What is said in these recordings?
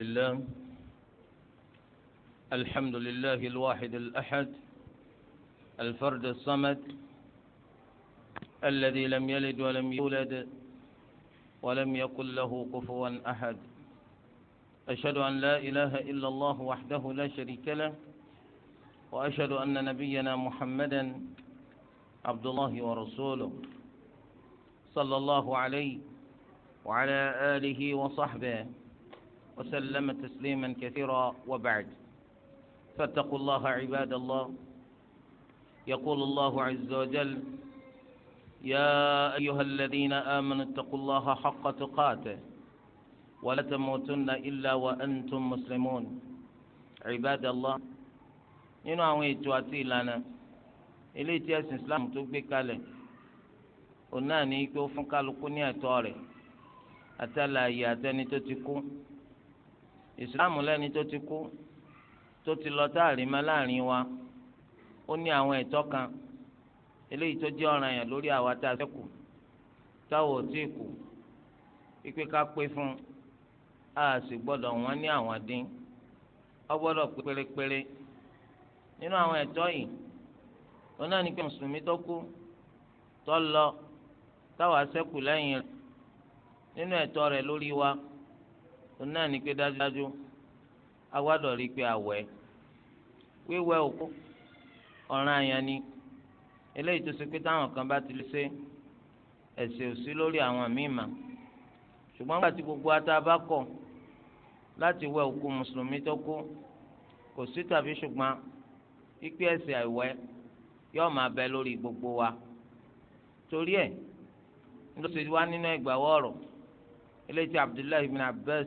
الله الحمد لله الواحد الأحد الفرد الصمد الذي لم يلد ولم يولد ولم يقل له كفوا أحد أشهد أن لا إله إلا الله وحده لا شريك له وأشهد أن نبينا محمدا عبد الله ورسوله صلى الله عليه وعلى آله وصحبه وسلم تسليما كثيرا وبعد فاتقوا الله عباد الله يقول الله عز وجل يا أيها الذين آمنوا اتقوا الله حق تقاته ولا تموتن إلا وأنتم مسلمون عباد الله nínú àwọn ètò àti ìlànà eléyìí tí ẹ̀sìn islam tó gbé kalẹ̀ òun náà ní pé ó fún kálukú ní ẹ̀tọ́ rẹ̀ àtàlàyé àtẹni tó ti kú ìsìláàmù lẹ́ni tó ti kú tó ti lọ táàrímá láàrin wa ó ní àwọn ẹ̀tọ́ kan eléyìí tó jẹ́ ọ̀ràn yẹn lórí àwa tá a ṣẹ́kù táwọn ò tí ì kú pípé ká pé fún a sì gbọ́dọ̀ wọ́n ní àwọn dín ọ gbọ́dọ̀ pé pérépéré nínú àwọn ẹ̀tọ́ yìí wọn náà ní pé mùsùlùmí tó kú tó lọ táwa ṣẹ́kù lẹ́yìn rẹ̀ nínú ẹ̀tọ́ rẹ̀ lórí wa òun náà ní pé dájúdájú agbádọ̀ rí pé àwẹ̀ wíwẹ̀ òkú ọ̀ràn àyàn ni eléyìí tó ṣe pé táwọn kan bá ti lè ṣe ẹ̀ṣẹ̀ òsí lórí àwọn míì mà ṣùgbọ́n nígbà tí gbogbo ata bá kọ̀ láti wẹ̀ òkú mùsùlùmí tó kú kò sí tàbí ṣùgbọ́n pípé ẹ̀ṣẹ̀ àìwẹ̀ yóò máa bẹ lórí gbogbo wa torí ẹ̀ ló ṣe wá nínú ìgbàwọ́ ọ̀rọ̀. إليت عبد الله بن عباس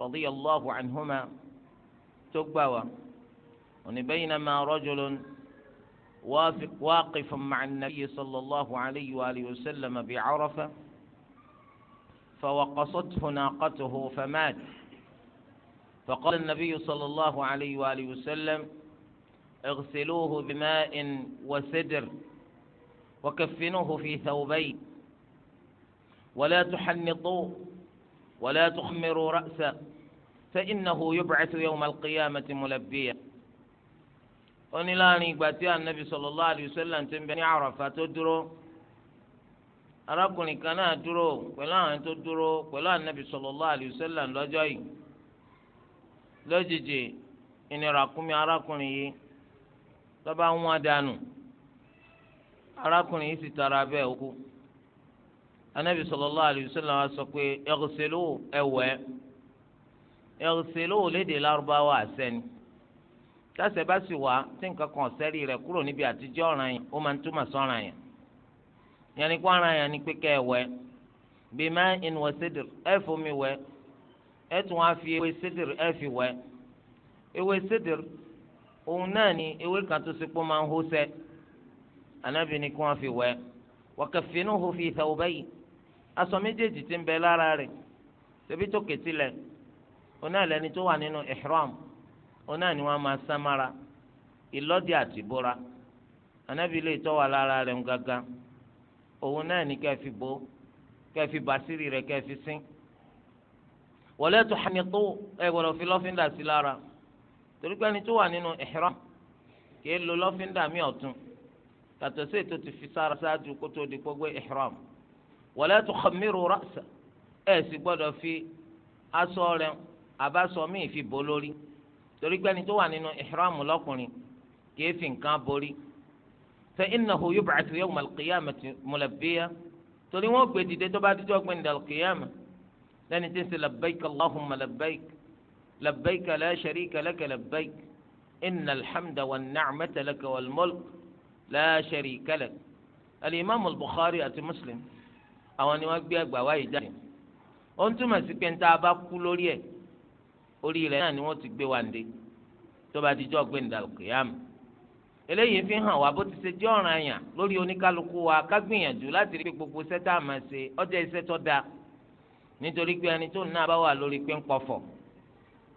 رضي الله عنهما تقبوا أن بينما رجل وافق واقف مع النبي صلى الله عليه وآله وسلم بعرفة فوقصته ناقته فمات فقال النبي صلى الله عليه وآله وسلم اغسلوه بماء وسدر وكفنوه في ثوبين ولا تحنطوه ولا تخمروا رأسه فإنه يبعث يوم القيامة ملبيا oni láàrin ìgbà tí anabi sallallahu alayhi wa sallam ti ń bẹ ní àràfà tó dúró arákùnrin kan náà dúró pẹ̀lú àwọn tó dúró pẹ̀lú anabi sallallahu alayhi wa sallam lọ́jọ́ yìí lójijì ìnira kúmi arákùnrin yìí ń wọ́n dànù arákùnrin yìí sì tara bẹ́ẹ̀ kú anabi sallallahu alayhi wa sallam sọ pé ẹ̀rọ̀sẹ̀lú ẹ̀wẹ̀ ẹ̀rọ̀sẹ̀lú lédè lárúbáwá àsẹ́ni tásẹ̀ bá sì wá tí nǹkan kan sẹ́rí rẹ̀ kúrò níbi àtijọ́ ọ̀ràn yẹn ó máa ń túmọ̀ sọ́ràn yẹn yẹnni kó yẹn ni pé kẹ́ ẹ wẹ̀ bí má in wọ sídìr ẹ fomi wẹ̀ ẹ tún wá fi ewé sídìr ẹ fi wẹ̀ ewé sídìr òun náà ni ewé kan tó sepó máa ń hó sẹ́ anábì ni kí wọ́n fi wẹ̀ wọ́n kẹfìnnú hó fi ìtàwọ́ báyìí aṣọ méjèèjì tí ń bẹ lára rẹ̀ ṣebí tó kétí lẹ̀ onáà lẹni tó wà nínú ihram onáà ni wọ́n máa sámára ìlọ́dì àti bóra anábì lè tọ́ wà lára rẹ̀ ń gangan òun náà ní kẹ́ fi bò kẹ́ fi bàṣírí rẹ̀ kẹ́ fi sín wọlé tó hàmìtó ẹ gbọ́dọ̀ fi lọ́fíńdà sí lára torí pé ẹni tó wà nínú ihram kì í lo lọ́fíńdà mi ọ̀tún yàtọ̀ sí ètò ti fi sára ṣáájú kó tó di gbogbo ihram wala tukhammiru ra'sa ẹ̀ sì gbọ́dọ̀ fi aṣọ rẹ̀ abáṣọ míì fi bò lórí torí pé ẹni tó wà nínú ìhírámù lọ́kùnrin kìí fi nǹkan borí fa innahu yub'athu yawma al-qiyamati mulabbiya torí wọn gbé dìde tó bá dídọ́ gbé ndàl qiyama lẹ́ni tí ń sè labbaik allahumma labbaik labbaik la sharika laka labbaik inna alhamda wa nacmata laka wal mulk la sharika lak alimami bukhari àti muslim àwọn ni wọ́n gbé ẹgbàá wáyé jáde ó ń túmọ̀ sí pé ń tá a bá kú lórí ẹ̀ orí rẹ̀ náà ni wọ́n ti gbé wa ǹde tó bá ti jọ́ gbẹ̀ǹdà kìyàmù eléyìí fi hàn wá bó ti ṣe jẹ́ ọ̀ràn àyàn lórí oníkálukú wa ká gbìyànjú láti rí pé gbogbo iṣẹ́ tá a máa ṣe ọjọ́ iṣẹ́ tó dáa nítorí pé ẹni tó náà bá wà lórí pé ń pọ̀fọ̀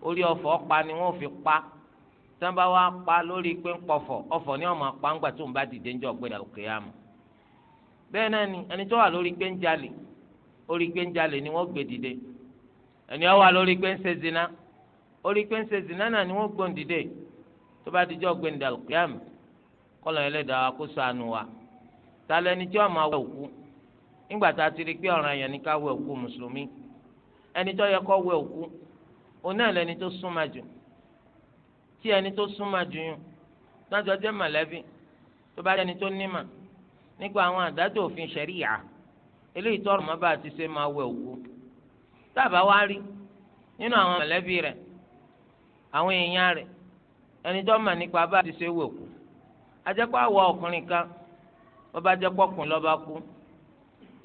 orí ọ̀fọ̀ pa ni wọ́n fi pa tí wọ́n bá wá pa lórí pé ń pọ̀fọ̀ ọ̀fọ̀ ni wọ́n máa pa ńgbà tó ń bá dìde ń jọ́ gbẹ̀ǹdà kìyàmù bẹ́ẹ̀ náà ni ẹni tó wà lórí pé ni wọ́n gbé dìde ẹni ó wà lórí pé zina orí pé zina náà ni wọ́n gbọ́n dìde tó bá dijọ́ wa kó ṣàánú wa ta lẹni tí wọ́n máa wẹ̀ òkú nígbà tá ti rí pé ọ̀ràn yẹn ni ká wẹ̀ òkú mùsùlùmí ẹni tó yẹ kó wẹ̀ òkú òun náà lẹni ẹni tó nípa àwọn àdájọ́ òfin ṣẹ̀ríyà eléyìí tọrọ mọ́ bá a ti ṣe máa wẹ òkú tábà wá rí nínú àwọn mọ̀lẹ́bí rẹ̀ àwọn èèyàn rẹ̀ ẹni tó mọ̀ nípa bá a ti ṣe wẹ òkú ajẹ́pọ̀ àwọ̀ ọkùnrin kan bọ́ba jẹ́pọ̀ kùn lọ́ba kú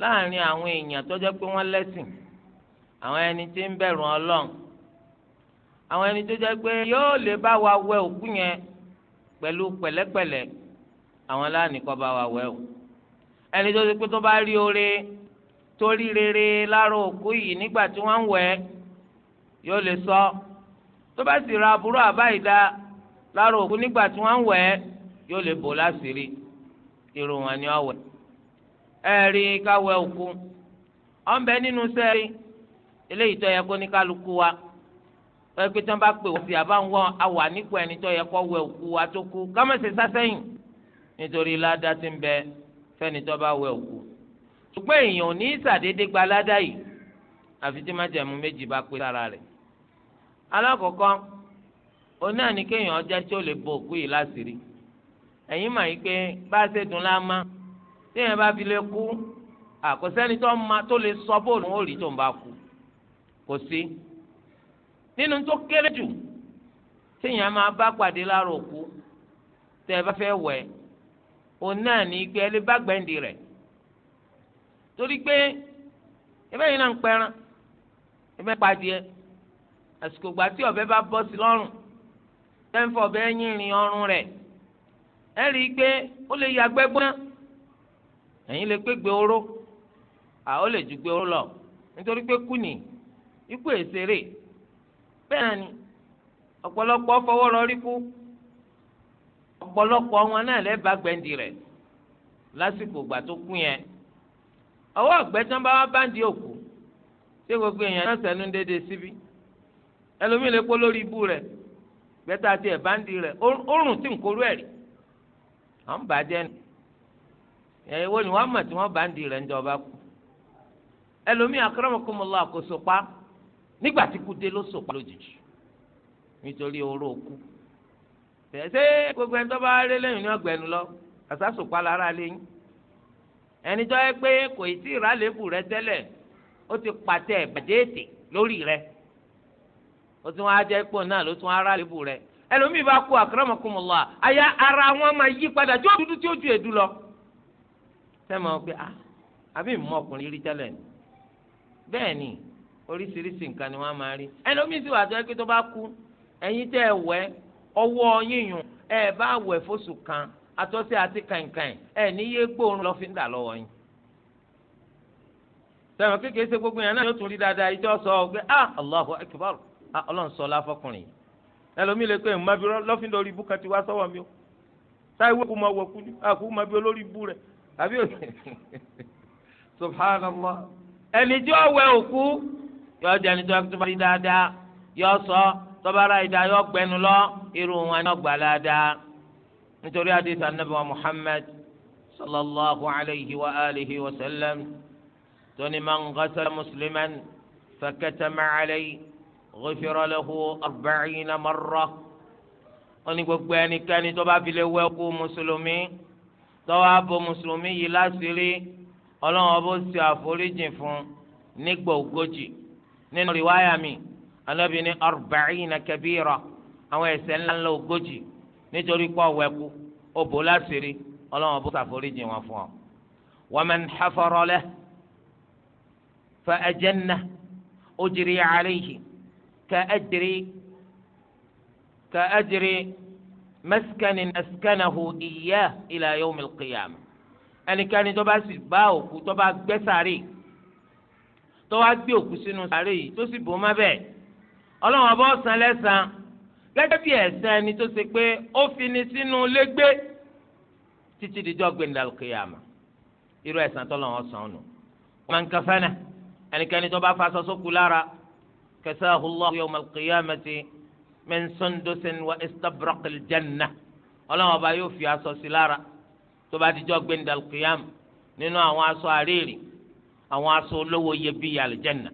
láàrin àwọn èèyàn tó jẹ́ pé wọ́n lẹ́sìn àwọn ẹni tí ń bẹ̀rù ọlọ́run àwọn ẹni tó jẹ́ pé yóò lè bá wa wẹ òkú yẹn pẹ̀lú pẹ̀lẹ́pẹ̀lẹ́ àwọn láàánú kọ́ bá wa wẹ òkú ẹni tó ti pé tó bá rí oore tó rí rere lára òkú yìí nígbà tí wọ́n ń wẹ̀ yóò lè sọ tó bá sì ra aburú àbá ìdá lára òkú nígbà tí wọ́n ń wẹ̀ yóò lè bò láṣìírí irú wọn ni ọ̀wẹ̀ ẹ rí káwẹ̀ òkú ọ̀nbẹ nínú sẹ́ẹ̀rí eléyìí tó yẹ kó ní kálukú wa tó yẹ pé tí wọ́n bá pè wọ́n sí àbá ń wọ́n awà nípò ẹni tó yẹ kó wẹ̀ òkú wa tó kú kámẹ́sì sásẹ́yìn nítorí ládàá ti ń bẹ́ẹ̀ fẹ́ni tó bá wẹ òkú ṣùgbọ́n èèyàn ò ní ìsàdédé gba ládà yìí àfi tí májẹ̀mú méjì bá pé lára rẹ̀ alákọ̀ọ́kọ́ oní àní kéèyàn ọjà tí ó lè bo òkú yìí láṣìírí ẹ̀yin mà yí pé bá a ṣe dùn láàmá téèyàn bá fi lè kú àkọsẹ́ni tó ma tó lè sọ bóòlù ó rí tó ń bá kú kò sí nínú tó kéré jù téèyàn máa bá pàdé lára òkú tẹ́ ẹ bá fẹ́ wẹ̀ ẹ́ òun náà ní pé ẹ lè bá gbẹ̀ǹdì rẹ̀ torí pé ẹbẹ́ yìí náà ń pẹran ẹbẹ́ padìẹ àsìkò gbà tí ọ̀bẹ bá bọ́ sí lọ́rùn tẹ́ǹfọ̀ ọ̀bẹ yìnrìn ọrùn rẹ̀ ẹ rí i pé ó lè yàgbẹ́ gbóná ẹ̀yin lè pé gbé oró à ó lè ju gbé oró lọ nítorí pé kú ni ikú èsèré bẹ́ẹ̀ ni ọ̀pọ̀lọpọ̀ fọwọ́ rọrí kú ọ̀pọ̀lọpọ̀ wọn náà lẹ́bàá gbẹ̀ǹdì rẹ̀ lásìkò ìgbà tó kú yẹn ọwọ́ ọ̀gbẹ́jọ́n bá wá òkú tí gbogbo èèyàn náà sẹ́nu dédé síbí ẹlòmíì lè kó lórí ibú rẹ̀ gbẹ́tà tiẹ̀ báńdì rẹ̀ òórùn tí à ń bàjẹ́ nù ni wọ́n mọ̀ tí wọ́n rẹ̀ ń kú ẹlòmíì akọ́rọ́mọkọ́mọlá tí nítorí oró tẹ̀sẹ̀ gbogbo ẹni tó bá rí lẹ́yìn ní ọgbẹ́nu lọ àsásùpá lára lẹ́yìn ẹni tó yẹ pé kò ì tí ìrálébù rẹ tẹ́lẹ̀ ó ti pàtẹ ẹ̀bàjẹ́ ètè lórí rẹ ó tún wáá jẹ́ pọ̀ náà ló tún ara lébù rẹ ẹlòmíì bá kú akramakumullah àyà ara wọn máa yí padà tí ó dúdú tí ó ju èdú lọ sẹ́mi pé a ah, àbí mọ́ ọkùnrin rí tẹ́lẹ̀ ni bẹ́ẹ̀ ni oríṣiríṣi nǹkan ni wọ́n máa rí ẹlòmíì sì wà tó yẹ pé tó bá kú ẹ̀yin tẹ́ ẹ wẹ́ ọwọ́ yíyùn ẹ bá wẹ̀ fóṣù kan atọ́sí àti kàìnkàìn ẹ níyé gbóòórùn lọ́fíńdà lọ́wọ́ yín sẹ́wọ̀n kékeré ṣe gbogbo yẹn náà yóò tún rí dáadáa ìjọ sọ ah Allahu akbar ah ọlọ́run sọ láfọkùnrin o wọ́n kú tọ́bárà ìdá yọ gbẹnu lọ irú wọn náà gbà dáadáa nítorí àdìsí anábì wa muhammad sallallahu alayhi wa alihi wa sallam tóní man ghasala musliman fakatama alayhi ghufira lahu arba'ina marra ó ní gbogbo ẹnikẹ́ni tó bá fi lè wẹ̀ kú mùsùlùmí tó wá bo mùsùlùmí yìí láṣìírí ọlọ́run ọbọ̀ sí àforíjì fún nígbà ogójì nínú rìwáyà mi anábì ní arba'ina kabira àwọn ẹ̀ṣẹ̀ ńláńlá ogójì nítorí pé ọwọ́ ẹ̀kú ó bò láṣìírí ọlọ́wọ́n bó ṣàforíjì wọn fún ọ. wa man hafara lahu fa ajannahu ujri alayhi ka ajri ka ajri maskanin askanahu iyyah ila yawm al-qiyamah ẹnikẹ́ni tó bá sì bá òkú tó bá gbẹ́ sàárè tó wá gbé òkú sínú sàárè yìí tó sì bò má bẹ́ẹ̀ ọlọ́run ọba ọ̀sán lẹ́sàn gẹ́gẹ́ bí ẹ̀sán ẹni tó ṣe pé ó fi ni sínú légbé títí dijọ́ gbẹ̀ndàlùkìyàmà irú ẹ̀sán tọ́lọ́run ọ̀sán nù. man kafana ẹnikẹ́ni tó bá faṣọ sókù lára kasahu Allahu yawmal qiyamati min sundusin wa istabraqil jannah ọlọ́run ọba yóò fi aṣọ sí lára tó bá dijọ́ gbẹ̀ndàlùkìyàmà nínú àwọn aṣọ àríyìn àwọn aṣọ olówó iyebíye àlùjẹ́nà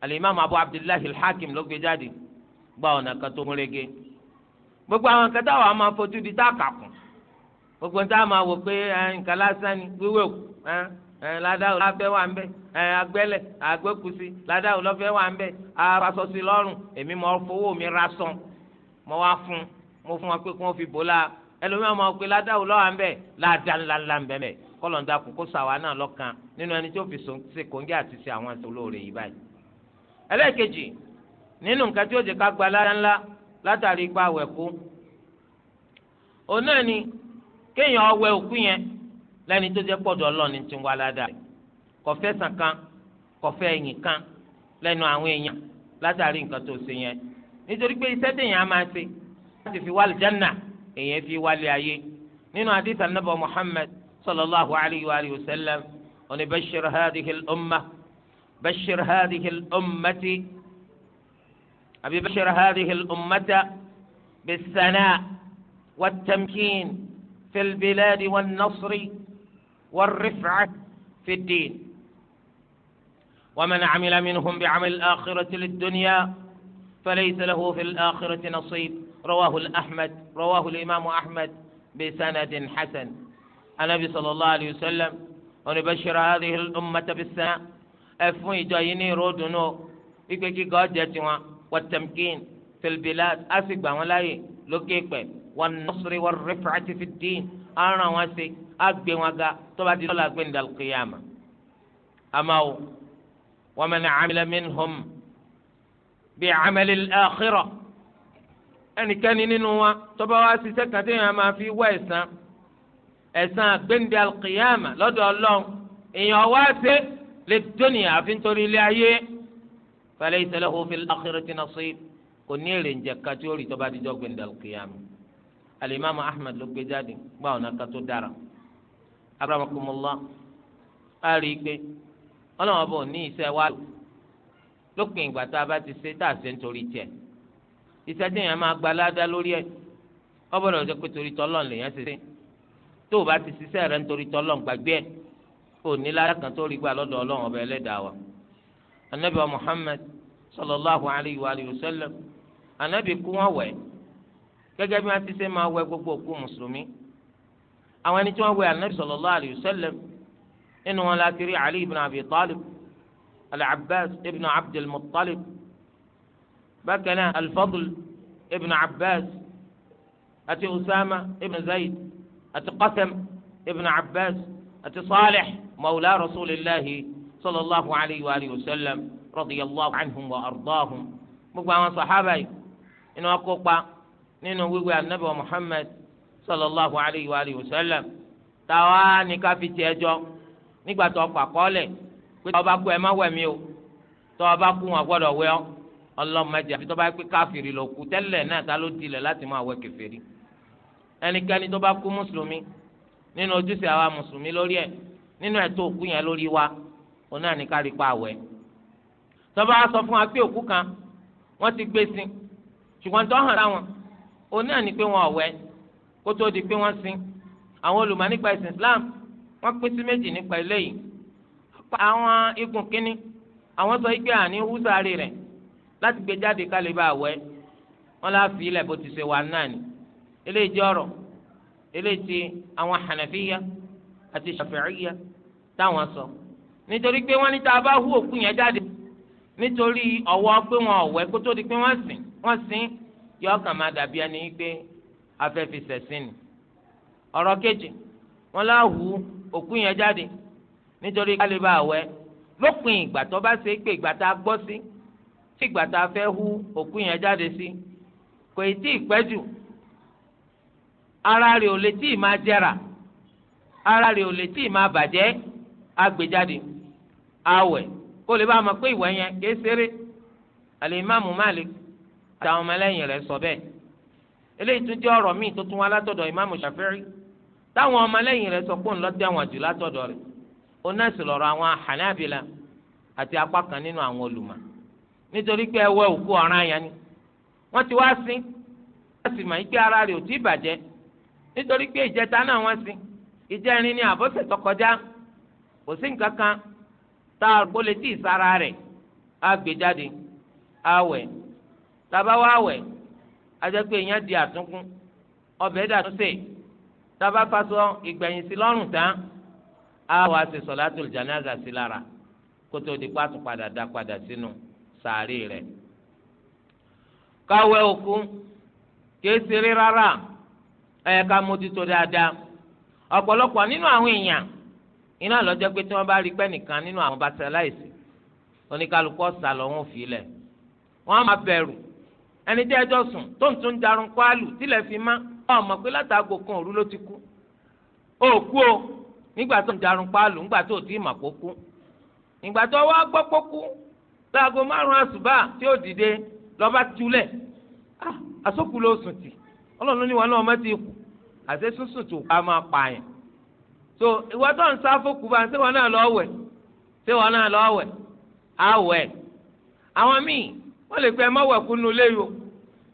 alimam abu abdullahi alhakim ló gbé jáde gba ọ̀nà kan tó múrege gbogbo àwọn kẹta wa máa fojú di tá a kà kún gbogbo níta máa wò pé nǹkan lásán ni wíwé òkú ládàá olọ́fẹ́ wà ń bẹ̀ agbẹ́lẹ̀ agbẹ́kùsí ládàá olọ́fẹ́ wà ń bẹ̀ arasọ́sí lọ́rùn èmi mọ̀ fowó mi ra sàn mọ̀ wá fún mo fún wa pé kí wọ́n fi bò la ẹlòmíràn máa pe ládàá olọ́wà ń bẹ̀ ládàá ńláńlá ń bẹ̀ mẹ́ kọ́lọ̀ ń dakùn kó sàwa náà lọ́kàn nínú ẹni tó fi sèkóńgé àti ṣe àwọn àti olóore yìí báyìí. ẹlẹ́ẹ̀kejì nínú nǹkan tí ó jẹ́ ká gba lára látàrí ipa àwẹ̀ kú òun náà ni kéèyàn ọwẹ òkú yẹn lẹ́ni tó jẹ́ pọ̀dọ̀ ọlọ́ọ̀ni ti ń wá ládàá rẹ̀ sàn kan kọfẹ́ ẹ̀yìn kan lẹ́nu àwọn èèyàn látàrí nǹkan tó ṣe yẹn nítorí pé iṣẹ́ tèèyàn á máa ṣe fi wá àlùjánnà èèyàn fi wálé ayé nínú Muhammad بشر هذه الأمة أبي بشر هذه الأمة بالثناء والتمكين في البلاد والنصر والرفعة في الدين ومن عمل منهم بعمل الآخرة للدنيا فليس له في الآخرة نصيب رواه الأحمد رواه الإمام أحمد بسند حسن النبي صلى الله عليه وسلم ونبشر هذه الأمة بالثناء ẹ fún ìjọ yìí ní ìró dùnú wípé kíkọ ọjà tiwọn wọtẹmkin tẹlifílà á sì gbà wọn láàyè lókè pẹ wọn nọsírí wọn rẹpàtì fi dín á ràn wọn sí á gbé wọn ga tó bá di lọ́la gbé ní dàlùkìyàmà. àmàwò wọn mẹ́ni àmìlẹ̀ bí àmàlẹ̀ àkírọ̀ ẹnikẹ́ni nínú wa tó bá wá ṣiṣẹ́ yẹn máa fi wá ẹ̀san ẹ̀san gbé ní dàlùkìyàmà lọ́dọ̀ ọlọ́run èèyàn lid-dunya àfi nítorí ilé ayé falaysa lahu fil akhirati nasib kò ní èrè ǹjẹ́ ká tí ó rí tọ́ba dídọ́ gbẹ̀ndàlù kìyàmù alimami ahmed ló gbé jáde gbà ọ̀nà ká tó dára abrahamakumullah a rí i pé ọlọ́wọ́n bò ní iṣẹ́ wa lópin ìgbà tá a bá ti ṣe tá a ṣe nítorí tiẹ̀ iṣẹ́ tí èèyàn máa gba ládá lórí ẹ̀ ọ̀bọ̀n ọ̀jọ́ pé torí tọ́lọ́ọ̀ lèèyàn ṣe ṣe tó o bá ti ṣiṣẹ́ rẹ nítorí tọ́lọ́ọ̀ gbàgbé ẹ̀ kò ní lára kan tó rí gbà lọ́dọ̀ ọlọ́run ọba ẹlẹ́dàá wa anabi muhammed sallallahu alayhi wa sallam anabi kú wọn wẹ̀ gẹ́gẹ́ bí wọ́n ti ṣe máa wẹ̀ gbogbo òkú mùsùlùmí àwọn ẹni tí wọ́n wẹ̀ anabi sallallahu alayhi wa sallam nínú wọn láti rí ali ibn abi talib al-abbas ibn abdul muttalib bákan náà al-fadl ibn abbas àti usama ibn zayd àti qasem ibn abbas àti salih. مولى رسول الله صلى الله عليه وآله وسلم رضي الله عنهم وأرضاهم مقبعا صحابة إنه أقوقع نينو ويقول النبي محمد صلى الله عليه وآله وسلم tawani káfi tiẹ̀ jọ nígbà tó ọkọ àkọọlẹ pé tọba kú ẹ má wẹ̀ mí o tọba kú wọn gbọ́dọ̀ wẹ̀ ọ́ ọlọmọdé àfi tọba pé káfìrí ló kú tẹ́lẹ̀ náà ta ló dilẹ̀ láti máa wẹ̀ kèfèrí ẹnikẹ́ni tọba kú mùsùlùmí nínú ojúṣe àwa mùsùlùmí lórí ẹ̀ nínú ẹ̀tọ́ òkú yẹn lórí wa òun náà ní ká rí pa àwẹ̀ tọ́ba sọ fún wa pé òkú kan wọ́n ti gbé sin ṣùgbọ́n tó hàn láwọn òun náà ní pé wọn ọ̀wẹ́ kó tó di pé wọ́n sin àwọn olùmọ̀ nípa ẹ̀sìn Islam wọ́n pín sí méjì nípa eléyìí àwọn igun kínní àwọn sọ pé àní húsàárì rẹ̀ láti gbé jáde ká bá àwẹ̀ wọn lá fi ilẹ̀ bó ti ṣe wà náà ni eléyìí jẹ́ ọ̀rọ̀ eléyìí ti àwọn Hànàfíyà àti Ṣàfíìyà táwọn sọ nítorí pé wọ́n ní tá a bá hú òkú yẹn jáde nítorí ọ̀wọ́ pé wọn ọ̀wẹ́ kó tó di pé wọ́n sìn wọ́n sìn yọ ọkàn máa dàbí ẹni pé afẹ́fisẹ̀sìn ni ọ̀rọ̀ kejì wọn lá hú òkú yẹn jáde nítorí ká lè bá àwẹ́ lópin ìgbà tó bá ṣe é pé ìgbà tá a gbọ́ sí tí ìgbà tá a fẹ́ hú òkú yẹn jáde sí kò ì tí ì pẹ́ jù ara rẹ̀ ò lè tí ì máa jẹrà ara rẹ̀ ò lè tí ì máa bàjẹ́ agbèjáde awẹ̀ kó lè bá a mọ̀ pé ìwẹ̀ yẹn kìí alimami Malik ati ọmọlẹ́yìn rẹ̀ sọ bẹ́ẹ̀ eléyìí tún jẹ́ ọrọ míì tó tún wá látọ̀dọ̀ imaamu Shafi'i táwọn ọmọlẹ́yìn rẹ̀ sọ pé òun lọ tẹ̀wọ̀n jù látọ̀dọ̀ rẹ̀ ó náà sì awọn àwọn nitori àti apá kan nínú àwọn nítorí pé ara ò tí ì nítorí pé ìjẹta náà sí ìjẹrin kò sí nǹkan kan tá a gbọ́ lè tí ì tabawa rẹ̀ á gbé jáde á wẹ̀ wá wẹ̀ di àtúnkún ọbẹ̀ dàtúnṣe tàbá faṣọ ìgbẹ̀yìn sí lọ́rùn tán á wàá ṣe sọ̀látùl jánásà sí lára kótó di pàtó padà dá padà sínú sàárè rẹ̀ káwé òkú rárá ẹ̀ka mójútó dáadáa ọ̀pọ̀lọpọ̀ nínú àwọn èèyàn iná lọ́jọ́ pé tí wọ́n bá rí pẹ́ nìkan nínú àwọn basaláìsì oníkálukú ọ̀sà lọ́wọ́n fi lẹ̀ wọ́n á máa bẹ̀rù ẹni tí ẹjọ́ sùn tó ń tún darun kwálù tílẹ̀ fi má ọmọ pé látàgò kan òru ló ti kú ó kú o nígbà tó ń darun kwálù nígbà tó ti mà kó kú nígbà tó wá gbọ́ kó kú láago márùn-ún àsùbà tí ó dìde lọ́ba túlẹ̀ ah, àsókù ló sùn tì ọlọ́run ní wọn náà ọmọ ti kù àti sísùn tó ká máa pààyàn so ìwọ tó ń sá fún kùbá ṣé wọn náà lọ wẹ̀ ṣé wọn náà lọ wẹ̀ á wẹ̀ àwọn míì wọ́n lè fẹ́ mọ́ wẹ̀kú nu lé yìí o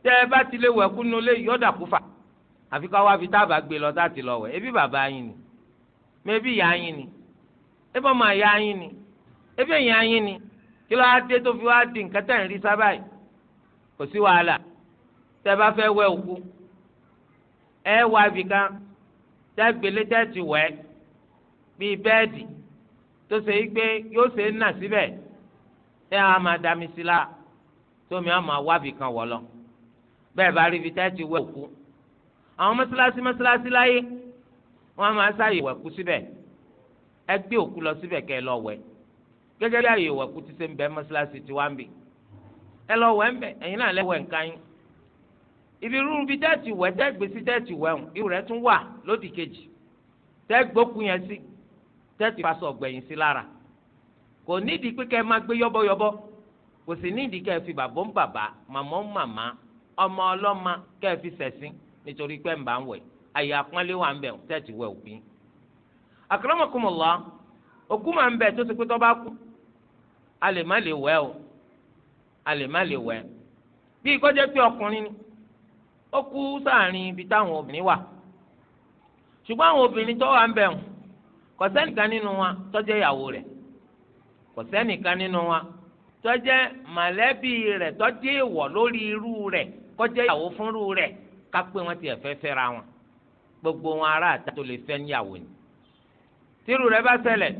tẹ́ ẹ bá ti lè wẹ̀kú nu lé yìí ọ̀dà kú fà àfi ká wá fi táàbà gbé lọ láti lọ wẹ̀ ebi bàbá yín ni mẹbi ìyá yín ni ebi ọmọ ìyá yín ni ebi ìyá yín ni kí ló á dé tó fi wá di nǹkan tẹ̀ ń rí sábà yìí kò sí wàhálà tẹ́ ẹ bá fẹ́ wẹ̀ òkú ẹ wá ibìkan tẹ́ gbélé tẹ́ ti wẹ̀ bíi bẹ́ẹ̀dì tó ṣe gbé yóò ṣe nà síbẹ̀ ẹ á máa dami sí la tómi á máa wábì kan wọ̀ lọ bẹ́ẹ̀ bá rí ibi tá ẹ ti wẹ̀ òkú àwọn mọ́sálásí mọ́sálásí láyé wọ́n á máa sáyè wẹ̀ kú síbẹ̀ ẹ gbé òkú lọ síbẹ̀ kẹ́ ẹ lọ wẹ̀ gẹ́gẹ́ bí àyè wẹ̀ kú ti ṣe ń bẹ mọ́sálásí ti wá ń bì ẹ lọ wẹ̀ ń bẹ̀ ẹ̀yin náà lẹ́wẹ̀ nǹkan yín ibi irú ibi tá ẹ ti wẹ̀ tẹ́ gbèsè tẹ́ ti wẹ̀ rẹ̀ tún wà lódì kejì tẹ́ yẹn sí tẹ́tì fasọ ọ̀gbẹ̀yìn sí lára kò nídìí pé kẹ́ ẹ máa gbé yọ́bọ́yọ́bọ́ kò sì nídìí kẹ́ ẹ fi bàbá ń bàbá màmá ń màmá ọmọ ọlọ́mọ kẹ́ ẹ fi sẹ̀sìn nítorí pé ń bá ń wẹ̀ àyè àpọ́nlé wà ń bẹ̀ tẹ́tì wẹ̀ òpin. àkàràmọ̀kùmọ̀lá òkú máa ń bẹ̀ tó ti pé tó bá kú a má lè wẹ̀ o a má lè wẹ̀ bí kọjá pé ọkùnrin ni ó kú sáàrin ibi táwọn obìnrin wà ṣùgbọ́n àwọn obìnrin tó wà ń bẹ̀ kò sẹ́nìkan nínú wa tó jẹ́ ìyàwó rẹ̀ kò sẹ́nìkan nínú wa tó jẹ́ mọ̀lẹ́bí rẹ̀ tó jẹ́ ìwọ̀ lórí irú rẹ̀ kó jẹ́ ìyàwó fúnrú rẹ̀ ká pé wọ́n ti ẹ̀fẹ́ fẹ́ra wọn gbogbo wọn ará àta tó lè fẹ́ níyàwó ni tírù rẹ̀ bá ṣẹlẹ̀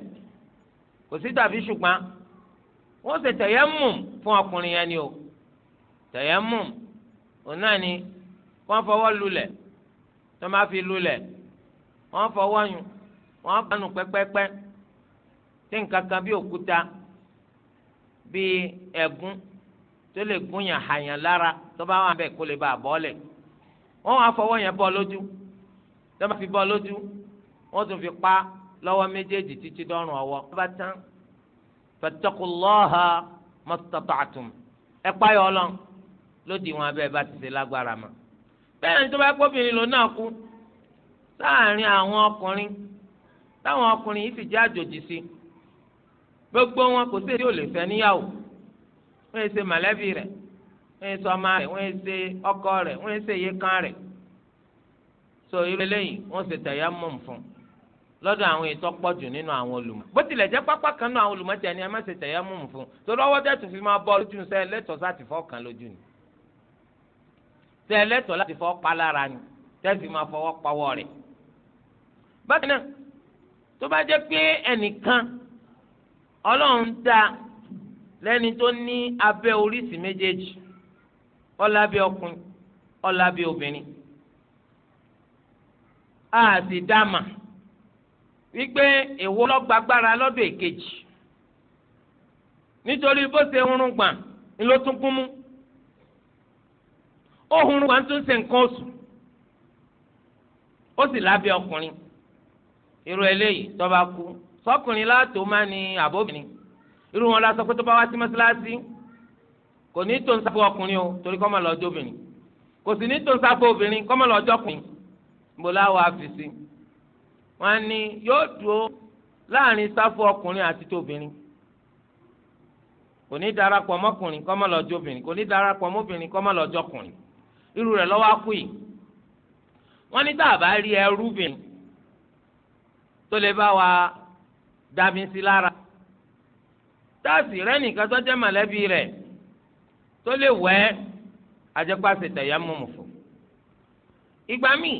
kò sí tàbí ṣùgbọ́n wọ́n ṣe tẹ̀yẹ́mù fún ọkùnrin yẹn ni o tẹ̀yẹ́mù òun náà ni wọ́n fọwọ́ lulẹ̀ tó máa fi lulẹ̀ wọ́n yùn wọ́n bá nù pẹ́pẹ́pẹ́ tí nǹkan kan bí òkúta bí ẹ̀gún tó lè gúnyàn hàyàn lára tó bá wà bẹ́ẹ̀ kó lè bá a bọ́ lẹ̀ wọ́n wá fọwọ́ yẹn bọ́ lójú tó bá fi bọ́ lójú wọ́n tún fi pa lọ́wọ́ méjèèjì títí dọ́rùn ọwọ́ wọ́n bá tán fattaqullaha mastata'tum ẹ páyọ̀ ọlọ́run lódì wọn abẹ́ bá ti ṣe lágbára mọ́ bẹ́ẹ̀ tó bá pọ́bìnrin lòun náà kú láàrin àwọn ọkùnrin táwọn ọkùnrin yìí sì jẹ́ àjòjì sí gbogbo wọn kò sí èdè ò lè fẹ́ níyàwó wọ́n yẹ ṣe mọ̀lẹ́bí rẹ̀ wọ́n ṣe ọmọ rẹ̀ wọ́n ṣe ọkọ rẹ̀ wọ́n yẹ ṣe iyekan rẹ̀ so irú eléyìí wọ́n ṣe tẹ̀yà mọ̀ fún lọ́dọ̀ àwọn ètò pọ̀jù nínú àwọn olùmọ̀ bó tilẹ̀ jẹ́ pápá kan náà àwọn olùmọ̀ tẹ̀ ni ẹ má ṣe tẹ̀yà mọ̀ fún torí ọwọ́ tẹ̀ tún fi máa bọ́ lójú sẹ́ lẹ́tọ̀ọ́ sáà ti fọ́ kan lójú ni tẹ̀ lẹ́tọ̀ọ́ láti fọ́ pa lára ni tẹ̀ fi máa fọwọ́ pawọ́ rẹ̀ bákan náà tó bá jẹ́ pé ẹnìkan ọlọ́run dá lẹ́ni tó ní abẹ́ oríṣìí méjèèjì ọlábẹ́ ọkùnrin ọlábẹ́ obìnrin a sì dáàmà wípé èwo lọ́gbàgbára lọ́dọ̀ èkejì nítorí bó ṣe hurun gbà ló tún kún mú ó hurun gbà tún ṣe nǹkan oṣù ó sì lábẹ́ ọkùnrin irú eléyìí tọ́ba kú sọkùnrin láàtò má ní àbóbìnrin irú wọn la sọ pé tó bá wá sí mọ́sálásí kò ní tó ń sáfù ọkùnrin o torí kọ́ mọ̀ lọ́jọ́ obìnrin kò sì ní tó ń sáfù obìnrin kọ́ mọ̀ lọ́jọ́ ọkùnrin níbo láwọ̀ àfìsí wọn ni yóò dúró láàrin sáfù ọkùnrin àti tóbìnrin kò ní darapọ̀ mọ́kùnrin kọ́ mọ̀ lọ́jọ́ obìnrin kò ní darapọ̀ mọ́bìnrin kọ́ mọ̀ lọ́jọ́ ọkùnrin irú rẹ̀ lọ́wọ́ á kú yìí wọ́n ní tá a bá rí ẹrú bìnrin tó lè bá wa dàbí sí lára táàsì rẹ nìkan tó jẹ́ mọ̀lẹ́bí rẹ̀ tó lè wẹ̀ ajẹ́pàṣẹ tẹ̀yà mọ̀mọ̀ fún. ìgbà míì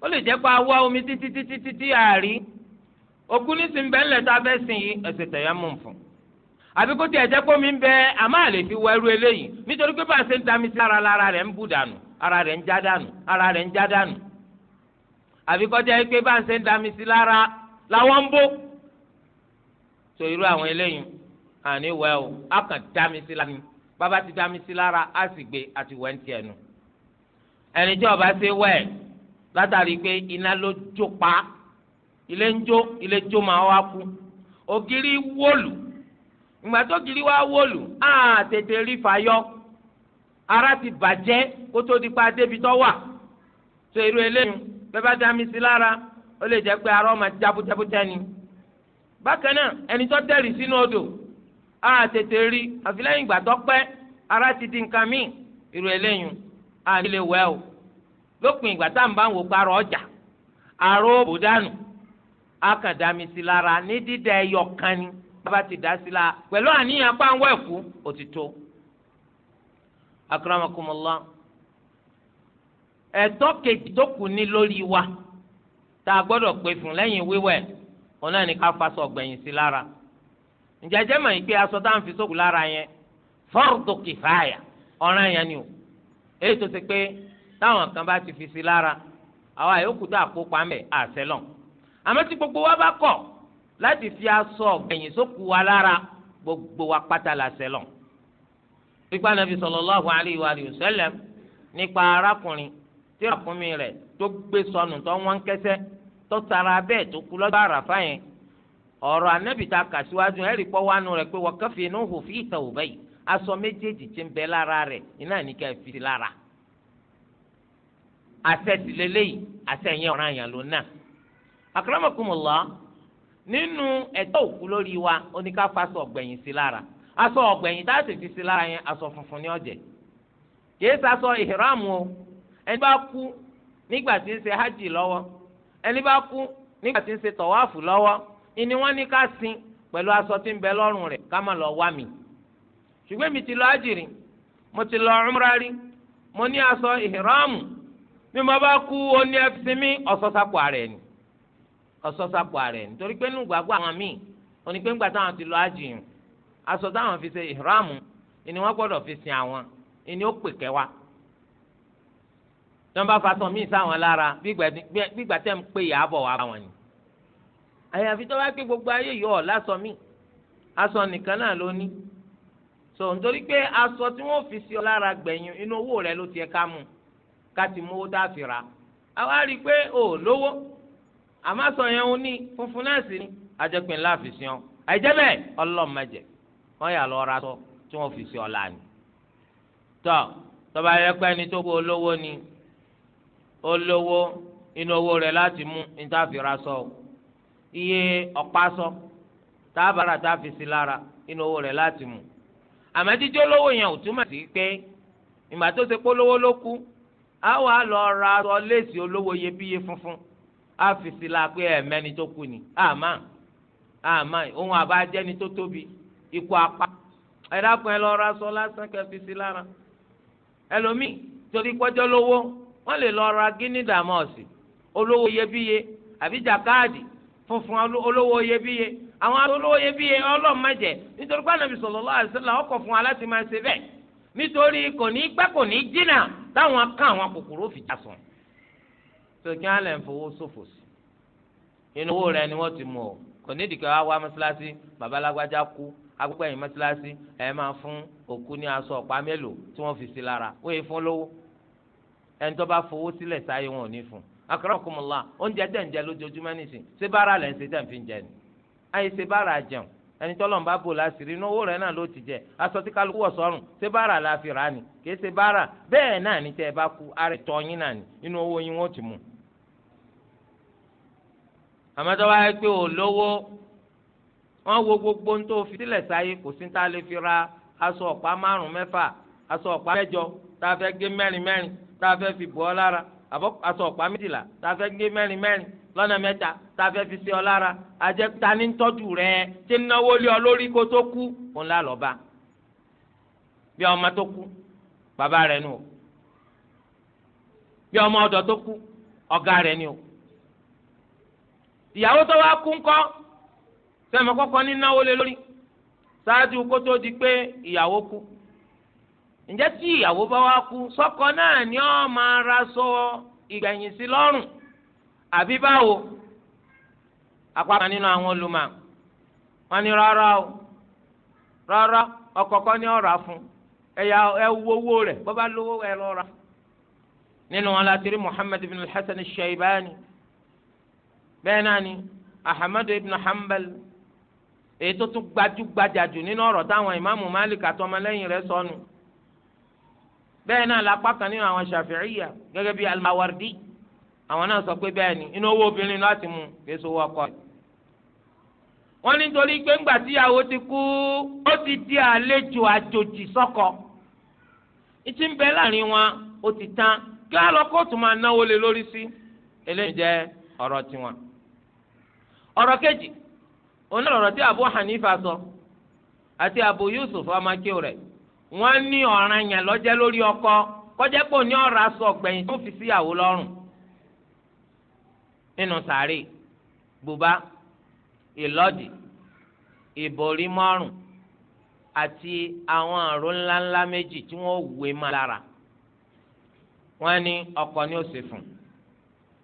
ó lè jẹ́ pé a wá omi títí títí títí àárí òkú nísìnyí bẹ́ẹ̀ lẹ́tọ́ abẹ́ sìn yìí ẹ̀sẹ̀ tẹ̀yà mọ̀mọ̀ fún. àbí kó tiẹ̀ jẹ́ pé omi ń bẹ àmọ́ àlè fi wọ ẹrú eléyìí nítorí pé bá a ṣe ń dami sí ara rẹ̀ ń bù dànù ara rẹ̀ ń já dànù ara rẹ̀ ń já dànù àbí kọjá yìí pé bá ń ṣe ń dami sí lára làwọn ń bó so irú àwọn eléyìí àní wẹ o a kàn dami sí lára bàbá ti dami sí lára a sì gbé àti wẹ́ ń tiẹ̀ nù ẹni tí ọba ṣe wẹ̀ látàrí pé iná ló jó pa ilé ń jó ilé jó máa wá kú ògiri wọ́ọ̀lù ìgbà tó giri wá wọ́ọ̀lù á tètè rí fàyọ ara ti bàjẹ́ kó tó débi tó wà so irú eléyìí. bẹ́ẹ̀ bá dami sí lára ó lè jẹ́ pé ni bákan náà ẹni tó tẹ̀rì sínú odò á tètè rí àfi lẹ́yìn pẹ́ ara ti di nǹkan míì á nílé wẹ́ o lópin ìgbà tá à ń bá wò ọjà àrò òbò dànù á kàn dami sí lára ní dídá ẹyọ kan ni bá ti dá sí la pẹ̀lú àníyàn òtítọ́ ẹ̀tọ́ kejì tó ní lórí wa tá a gbọ́dọ̀ pé fún lẹ́yìn wíwẹ̀ òun ní ká faṣọ sí lára ǹjẹ́jẹ́ mọ̀ pé aṣọ tá à ń fi sókù lára yẹn fọ́ọ̀dù ọ̀ràn yẹn ni o èyí tó ti pé táwọn kan wa bá kọ̀ láti fi gbogbo wa pátá làṣẹlọ̀ pípa nàbì nípa arákùnrin tí mi rẹ̀ tó gbé sọnù tó wọ́n tó tara bẹ́ẹ̀ tó kú lọ́jọ́ àràfà yẹn ọ̀rọ̀ anábì ta kà síwájú ẹ̀ rí pọ́wánu rẹ̀ pé wọ́n kẹfì inú hù fi ìtàn òbẹ́ yìí aṣọ méjèèjì ti ń bẹ lára rẹ̀ iná ní ká fi lára àṣẹ sì lélẹ́yìí àṣẹ yẹn ló náà nínú òkú lórí wa oníkàfàṣọ ọ̀gbẹ̀yìn sí lára aṣọ ọ̀gbẹ̀yìn tá a sì fi sí lára yẹn aṣọ funfun ní ọ̀jẹ̀ kì í sasọ o ẹni bá kú nígbà tí ń ṣe hajj lọ́wọ́ ẹni bá kú nígbà tí ń ṣe tọ̀wáàfù lọ́wọ́ ìní wọ́n ní ká sin pẹ̀lú aṣọ tí ń bẹ lọ́rùn rẹ̀ ká má lọ wá mi ṣùgbọ́n mi ti lọ hajj rí mo ti lọ umra rí mo ní aṣọ ìhìrọ́ọ̀mù bí mo bá kú ó ní ẹ fi mí ọ̀sọ́sápò ara ni ọ̀sọ́sápò ara ẹ̀ nítorí pé nínú gbàgbọ́ àwọn míì òní pé ńgbà táwọn ti lọ ájìyàn aṣọ táwọn fi ṣe ìhìrọ́ọ̀mù ìní wọ́n gbọ́dọ̀ fi sin àwọn ìní ó pè kẹwàá tí wọ́n bá fatọ́ míì sáwọn lára gbígbà tẹ́ ń pè yà á bọ̀ wá bá wọn ni. àyàfi tó pé gbogbo ayé yọ ọ̀ lásọ míì aṣọ nìkan náà ló ní so nítorí pé aṣọ tí wọ́n fi sí ọ lára gbẹ̀yìn inú owó rẹ ló tiẹ̀ ká mu ká ti mówó dá fi ra àwa rí i pé ò lówó àmọ́ aṣọ yẹn ò ní funfun náà sì ni ajẹ́pin láàfin sí ọ àìjẹ́ bẹ́ẹ̀ ọlọ́mọdé wọ́n yà lọ ra aṣọ tí wọ́n fi sí ọ láàánú tọ́ tọ́ba yẹ pé tó gbó olówó ni. olówó inú rẹ lati láti mú níta fi ra sọ iye ọ̀pá sọ tábàrà tá fi sí lára inú rẹ rẹ̀ láti mú àmọ́ jíjẹ́ olówó yẹn ò túmọ̀ sí pé ìgbà tó ṣe polówó ló kú a wà lọ ra léèsì olówó iyebíye funfun a fi sí la pé ẹ̀mẹ́ni tó kú ni àmọ́ àmọ́ ohun àbájẹ́ni tó tóbi ikú apá ẹ̀dá kan ẹ lọ ra aṣọ lásán kẹfì sí lára ẹlòmíì torí pọ́jọ́ lówó wọ́n lè lọ ra gíní dàmọ́ọ̀sì olówó iyebíye àbí jàkáàdì funfun olówó iyebíye àwọn olówó iyebíye ọlọ́mọdé nítorí pé Ànábì sallallahu alaihi wasallam ọkọ̀ fún wa láti máa ṣe bẹ́ẹ̀ nítorí kò ní pẹ́ kò ní jìnnà táwọn kan àwọn kòkòrò fi jà sùn. sọ̀kí alẹ̀ ń fowó ṣòfò sí inú owó rẹ ni wọ́n ti mú ọ kò ní ìdìkẹ́ wa wá mọ́ṣáláṣí babalágbájá kú agbẹ́gbẹ́yìn mọ́ṣáláṣí ẹ̀ máa fún òkú ní aṣọ ọ̀pá ẹni tó bá fowó sílẹ̀ sáyé wọn ò ní fún akramakumullah oúnjẹ tẹ̀ ń jẹ lójoojúmọ́ nìsín ṣé bára lẹ̀ ń ṣe tẹ̀ ń fi jẹ ni ayé ṣe bára jẹun ẹni tọ́lọ̀ ń bá bò láṣìírí inú owó rẹ̀ náà ló ti jẹ aṣọ tí kálukú wọ̀ sọ́rùn ṣé bára la fi rà ni kìí ṣe bára bẹ́ẹ̀ náà ni tẹ́ ẹ bá kú ara tọ́ yín náà ni inú owó yín wọ́n ti mú. àmọ́ tó yẹ pé ò lówó wọ́n wo gbogbo ń tó fi sílẹ̀ sáyé kò sí tá lè fi ra aṣọ ọ̀pá márùn-ún mẹ́fà aṣọ ọ̀pá mẹ́jọ tá fẹ́ gé mẹ́rin mẹ́rin tá a fẹ́ fi bọ́ ọ lára àbọ̀ aṣọ ọ̀pá méjìlá tá a fẹ́ gé mẹ́rin mẹ́rin lọ́nà mẹ́ta tá a fẹ́ fi sí ọ lára ajẹ́ ta ní tọ́jú rẹ tí náwó lé ọ lórí kó tó kú òun là lọ́ba bí ọmọ tó kú bàbá rẹ nù o bí ọmọ ọ̀dọ̀ tó kú ọ̀gá rẹ ni o ìyàwó tó wá kú ńkọ́ sẹ́mi kọ́kọ́ ní náwó lé lórí ṣáájú kó tó di pé ìyàwó kú ǹjẹ́ ti ìyàwó bá wá kú sọ́kọ náà ni ó máa ra sọ ìgbẹ̀yìn sí lọ́rùn àbí báwo apá kan nínú àwọn olùmọ̀ wọn ni rárá o rárá ni ó fún ẹ̀yà ẹ rẹ̀ bó bá lówó nínú wọn rí ibn al-Hasan al-Shaybani bẹ́ẹ̀ náà ni Ahmad ibn Hanbal èyí tó tún gbajúgbajà jù nínú ọ̀rọ̀ táwọn ìmáàmù Malik àtọmọlẹ́yìn rẹ̀ sọnù. So bẹ́ẹ̀ náà lápá kan nínú àwọn Ṣàfi'íyà gẹ́gẹ́ bíi al àwọn náà sọ pé bẹ́ẹ̀ ni inú owó obìnrin láti mú kéésì owó ọkọ wọ́n ní torí pé ńgbà tíyàwó ti kú ó ti di àlejò àjòjì sọ́kọ ìtì ń bẹ láàrin wọn ó ti tán kí lọ kóòtù máa náwó lé lórí sí eléyìí jẹ́ ọ̀rọ̀ tiwọn. ọ̀rọ̀ kejì onílọ̀rọ̀ tí Abu Hanifa sọ àti Abu Yusuf wọ́n ní ọ̀ràn yẹn lọ́jẹ́ lórí ọkọ kọjá pò ní ọ̀rọ̀ aṣọ ọ̀gbẹ̀yìn tó fi síyàwó lọ́rùn nínú sàárè bùbá ìlọ́dì ìbòrí mọ́rùn àti àwọn àrùn ńláńlá méjì tí wọ́n wé má lára wọ́n ní ọkọ ni ó ṣe fún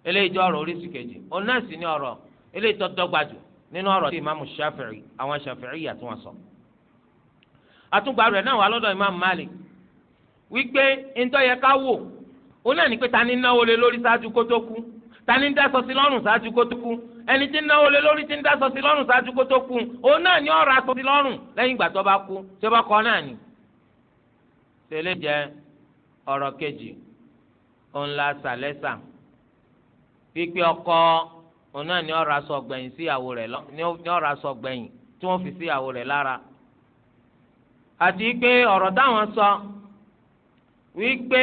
eléyìí jẹ́ ọ̀rọ̀ oríṣi kejì òun náà sì ní ọ̀rọ̀ eléyìí tó dọ́gba jù nínú ọ̀rọ̀ tí ìmáàmù Shafi'i àwọn Shafi'i yà tí wọ́n sọ. So àtúgbà rẹ̀ náà wà lọ́dọ̀ Imam Malik wípé ntọ́ yẹ ká wò ó náà ní pé ta ni náwó lé lórí ṣáájú kó tó kú ta ni ń dá sọsí lọ́rùn ṣáájú kó tó kú ẹni tí ń náwó lé lórí ti ń dá sọsí lọ́rùn ṣáájú kó ó náà ní ọ̀rọ̀ asọsí lọ́rùn lẹ́yìn ìgbà tó bá kú tí ó bá kọ́ náà ni. tẹ́lẹ̀ jẹ́ ọ̀rọ̀ kejì òun la sàlẹ́sà pípẹ́ ọkọ òun náà ní ọ̀rọ̀ asọgbẹ̀yìn síyàwó rẹ̀ ní ọ̀rọ̀ asọgbẹ̀yìn tí wọ́n fi síyàwó rẹ̀ lára àti pé ọ̀rọ̀ táwọn sọ wípé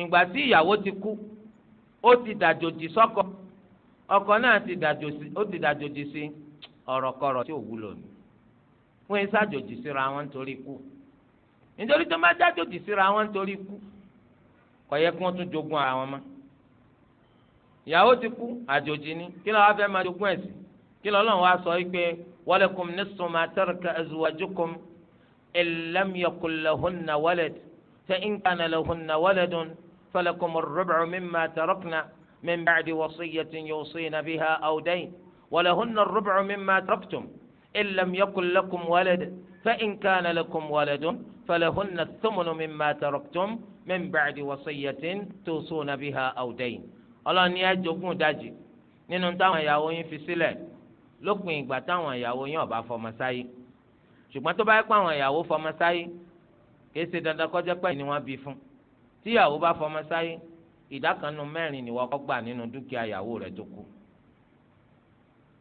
ìgbà tí ìyàwó ti kú ó ti dàjòjì sọ́kọ ọkọ náà ti dàjòjì ó ti dàjòjì sí ọ̀rọ̀ kọ̀rọ̀ tí ò wúlò ní wọ́n ń ṣàjòjì síra wọn nítorí kú nítorí tó má dàjòjì síra wọn nítorí kú kò yẹ kí wọ́n tún jogún ara wọn mọ́ ìyàwó ti kú àjòjì ni kí ló fẹ́ máa jogún ẹ̀sìn kí lọ́lọ́run wá sọ wípé walakum nisfu ma taraka azwajukum إن لم يكن لهن ولد فإن كان لهن ولد فلكم الربع مما تركنا من بعد وصية يوصين بها أو دين ولهن الربع مما تركتم إن لم يكن لكم ولد فإن كان لكم ولد فلهن الثمن مما تركتم من بعد وصية توصون بها أو دين Ọlọ́run ni ẹ jogún ìdajì nínú táwọn ìyàwó yín fi sílẹ̀ lópin ìgbà táwọn ìyàwó yín ọba fọmọ sáyé ṣùgbọ́n tó bá yẹ pé àwọn ìyàwó fọmọ sáyé kìí ṣe dandan kọjá pé ni wọ́n bí fún tí ìyàwó bá fọmọ sáyé ìdá mẹ́rin ni wọ́n kọ́ gbà nínú dúkìá ìyàwó rẹ̀ tó kù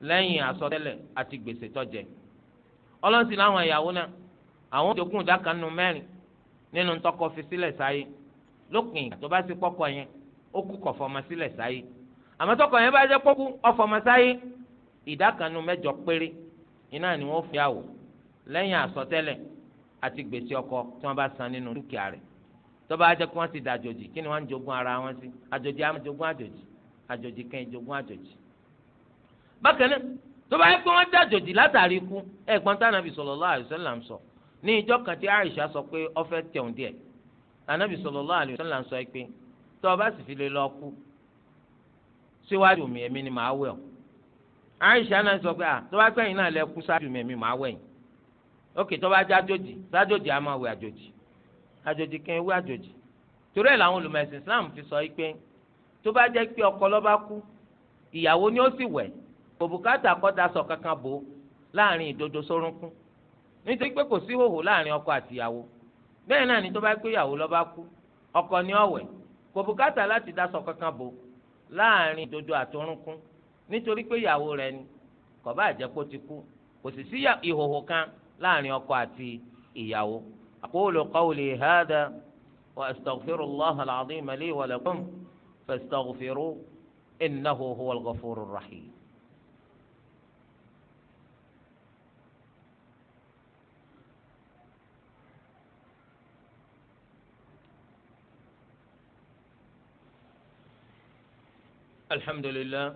lẹ́yìn àsọtẹ́lẹ̀ àti gbèsè tó jẹ ọlọ́sìn láwọn ìyàwó náà àwọn òjòkùn ìdá kan nínú mẹ́rin nínú tọkọ fi sílẹ̀ sáyé lópin ìgbà tó bá sí pọ́kọ yẹn ó kú kọ̀ fọmọ sílẹ̀ sáyé àmọ́ tọkọ yẹn bá jẹ́ pọ́kú ọfọmọ sáyé ìdá mẹ́jọ péré iná ni wọ́n fi àwò lẹ́yìn àsọtẹ́lẹ̀ àti gbèsè ọkọ tí wọ́n bá san nínú dúkìá rẹ̀ tó bá jẹ́ kí wọ́n ti dàjòjì kí ni wọ́n ń jogún ara wọn sí àjòjì á máa jogún àjòjì àjòjì kan ìjogún àjòjì. bákan náà tó bá yẹ pé wọ́n dàjòjì látàrí ikú ẹ̀gbọ́n tá ànábì sallallahu alaihi wasallam sọ ní ìjọ kan tí Aisha sọ pé ó fẹ́ tẹ̀hún díẹ̀ ànábì sallallahu alaihi wasallam sọ pé tó o bá sì fi lè lọ kú síwájú mi èmi ni màá wẹ̀ ọ́ Aisha náà sọ pé à tó bá gbẹ̀yìn náà lẹ kú sáájú mi èmi màá wẹ̀ yìí ókè tó bá jẹ́ àjòjì sájòjì á máa wẹ̀ àjòjì àjòjì kan ewé torí ẹ̀ làwọn olùmọ̀ẹ̀sìn Islam fi sọ yìí pé tó bá jẹ́ pé ọkọ ló bá kú ìyàwó ni ó sì wẹ̀ òbúkátà kọ́dásọ kankan bò láàrin ìdodo sórúnkún nítorí pé kò sí hòhò láàrin ọkọ àtìyàwó bẹ́ẹ̀ náà ni tó bá pé ìyàwó ló bá kú ọkọ ni ó wẹ̀ láti dasọ kankan bò láàrin ìdodo àtọrúnkún nítorí pé ìyàwó rẹ̀ ni kò bá jẹ́ kó ti kú kò sì sí ìhòhò kan láàrin ọkọ àti ìyàwó aqulu qawli hadha wa astaghfirullaha al-azim li wa lakum fastaghfiru innahu huwal ghafurur rahim. الحمد لله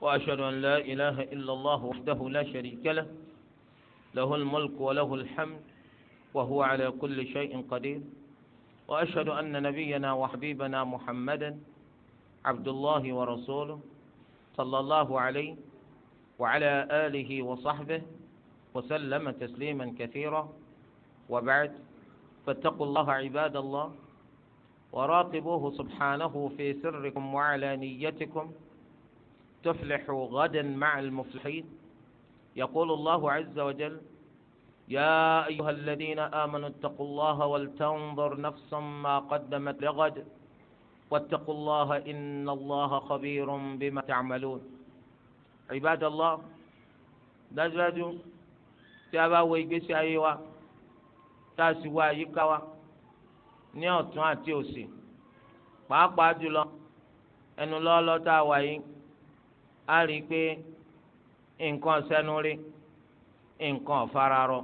واشهد ان لا اله الا الله وحده لا شريك له له الملك وله الحمد وهو على كل شيء قدير وأشهد أن نبينا وحبيبنا محمدا عبد الله ورسوله صلى الله عليه وعلى آله وصحبه وسلم تسليما كثيرا وبعد فاتقوا الله عباد الله وراقبوه سبحانه في سركم وعلانيتكم تفلحوا غدا مع المفلحين يقول الله عز وجل يا أيها الذين آمنوا اتقوا الله ولتنظر نفسا ما قدمت لغد واتقوا الله إن الله خبير بما تعملون عباد الله dájúdájú تابا a أيوا تاسوا يكوا ayé wa tá a sì wo àyíká wa ní ọ̀tún nǹkan sẹ́núrí nǹkan ọ̀fararọ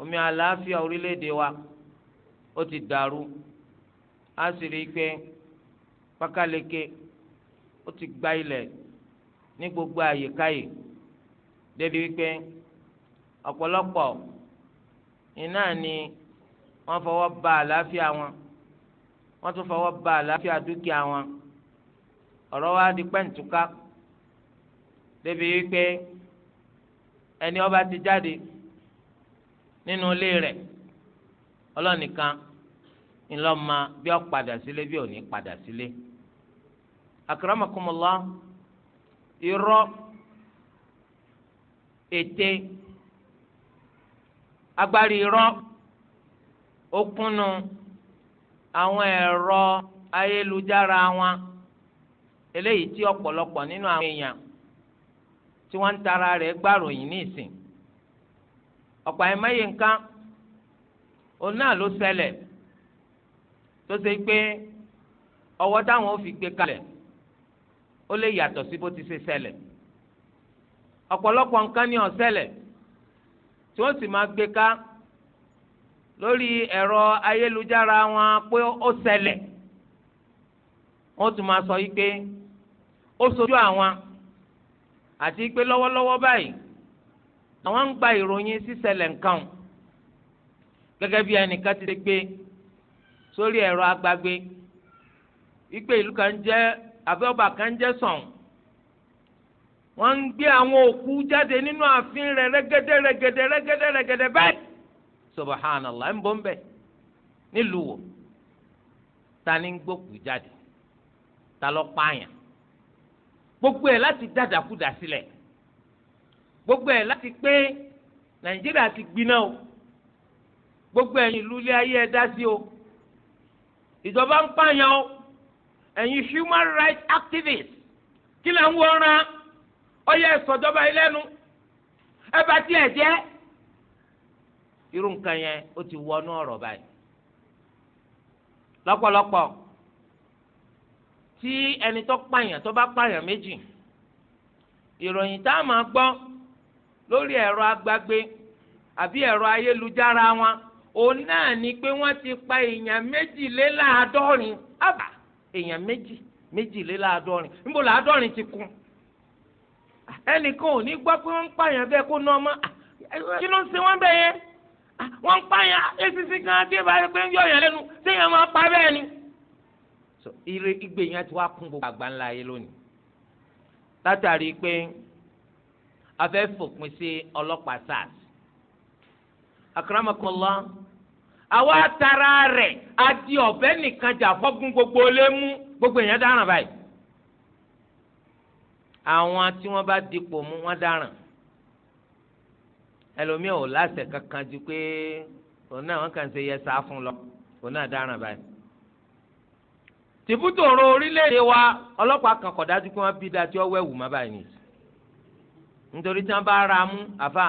omi àlàáfíà orílẹ̀-èdè wa ó ti dàrú a sì rí i pé pákáleke ó ti gba ilẹ̀ ní gbogbo àyíkáyè débi wípé ọ̀pọ̀lọpọ̀ iná ni wọ́n fọwọ́ ba àlàáfíà wọn wọ́n tún fọwọ́ ba àlàáfíà dúkìá wọn ọ̀rọ̀ wa di pẹ́ǹtùká. débi wípé ẹni ọba ti jáde nínú ilé rẹ ọlọ́nìkan ma bí ó padà sílé bí ò ní padà sílé. akramakumullah irọ́ ète agbárí irọ́ ó kúnnu àwọn ẹ̀rọ ayélujára wọn eléyìí tí nínú àwọn èèyàn tí wọ́n ń tara rẹ̀ gbàròyìn ní ìsìn ọ̀pọ̀ àìmọye nǹkan òun náà ló ṣẹlẹ̀ tó ṣe pé ọwọ́ táwọn ò fi gbé kalẹ̀ ó lè yàtọ̀ sí bó ti ṣe ṣẹlẹ̀ ọ̀pọ̀lọpọ̀ nǹkan ni ó tí wọ́n sì máa gbé ká lórí ẹ̀rọ ayélujára wọn pé ó ṣẹlẹ̀ wọ́n tún máa sọ yìí pé ó sojú àwọn. àti pé lọ́wọ́lọ́wọ́ báyìí àwọn ń gba ìròyìn sísẹlẹ̀ nǹkan gẹ́gẹ́ bí ẹnìkan ti gbé sórí ẹ̀rọ agbagbe ìlú kan jẹ́ àbẹ́ọ̀bà kan jẹ́ sàn wọ́n ń gbé àwọn òkú jáde nínú ààfin rẹ̀ rẹ́gẹ́dẹ́ rẹ́gẹ́dẹ́ rẹ́gẹ́dẹ́ rẹ́gẹ́dẹ́ bẹ́ẹ̀ ń bọ́ ń ta ni ń gbogbo ẹ̀ láti dàdàkúdà sílẹ̀ gbogbo ẹ̀ láti pé nàìjíríà ti gbiná o gbogbo ẹ̀yin ìlú ilé ayé ẹ dá sí o ìjọba ń pààyàn o ẹ̀yin human rights activists kí lè ń wọ́nra ọyẹ ẹ̀sọ̀jọba ìlẹ́nu ẹ bá tiẹ̀ jẹ́ irú nǹkan yẹn ó ti wọnú ọ̀rọ̀ báyìí lọ́pọ̀lọpọ̀ tí ẹni tó pààyàn tó bá pààyàn méjì ìròyìn tá a máa gbọ́ lórí ẹ̀rọ agbágbé àbí ẹ̀rọ ayélujára wọn òun náà ni pé wọ́n ti pa èèyàn méjìléláàádọ́rin àbá èèyàn méjì méjìléláàádọ́rin níbo làádọ́rin ti kún ẹnìkan ò ní gbọ́ pé wọ́n ń pààyàn bẹ́ẹ̀ kó ọmọ kí ló ń ṣe wọ́n bẹ́ẹ̀ yẹn wọ́n ń pààyàn kan dé báyìí pé ń lẹ́nu máa pa bẹ́ẹ̀ so ire igbe yẹn ti wá kún gbogbo àgbáńlá ayé lónìí látàrí pé a fẹ́ fòpin sí ọlọ́pàá sars akramakola àwa tara rẹ̀ adi ọ̀bẹ nìkan jà fọ́gun gbogbo lé mú gbogbo èèyàn dáràn báyìí àwọn tí wọ́n bá dipò mú wọ́n dáràn ẹlòmíì ò láṣẹ kankan ju pé òun náà wọ́n kàn ṣe yẹsà fún lọ òun náà dáràn báyìí tìbútòrò orílẹ̀-èdè wa ọlọ́pàá kan kọ̀ dájú pé wọ́n bí dájú ọwọ́ ẹ̀wù má báyìí nìyí nítorí tí wọ́n bá ra mú àfà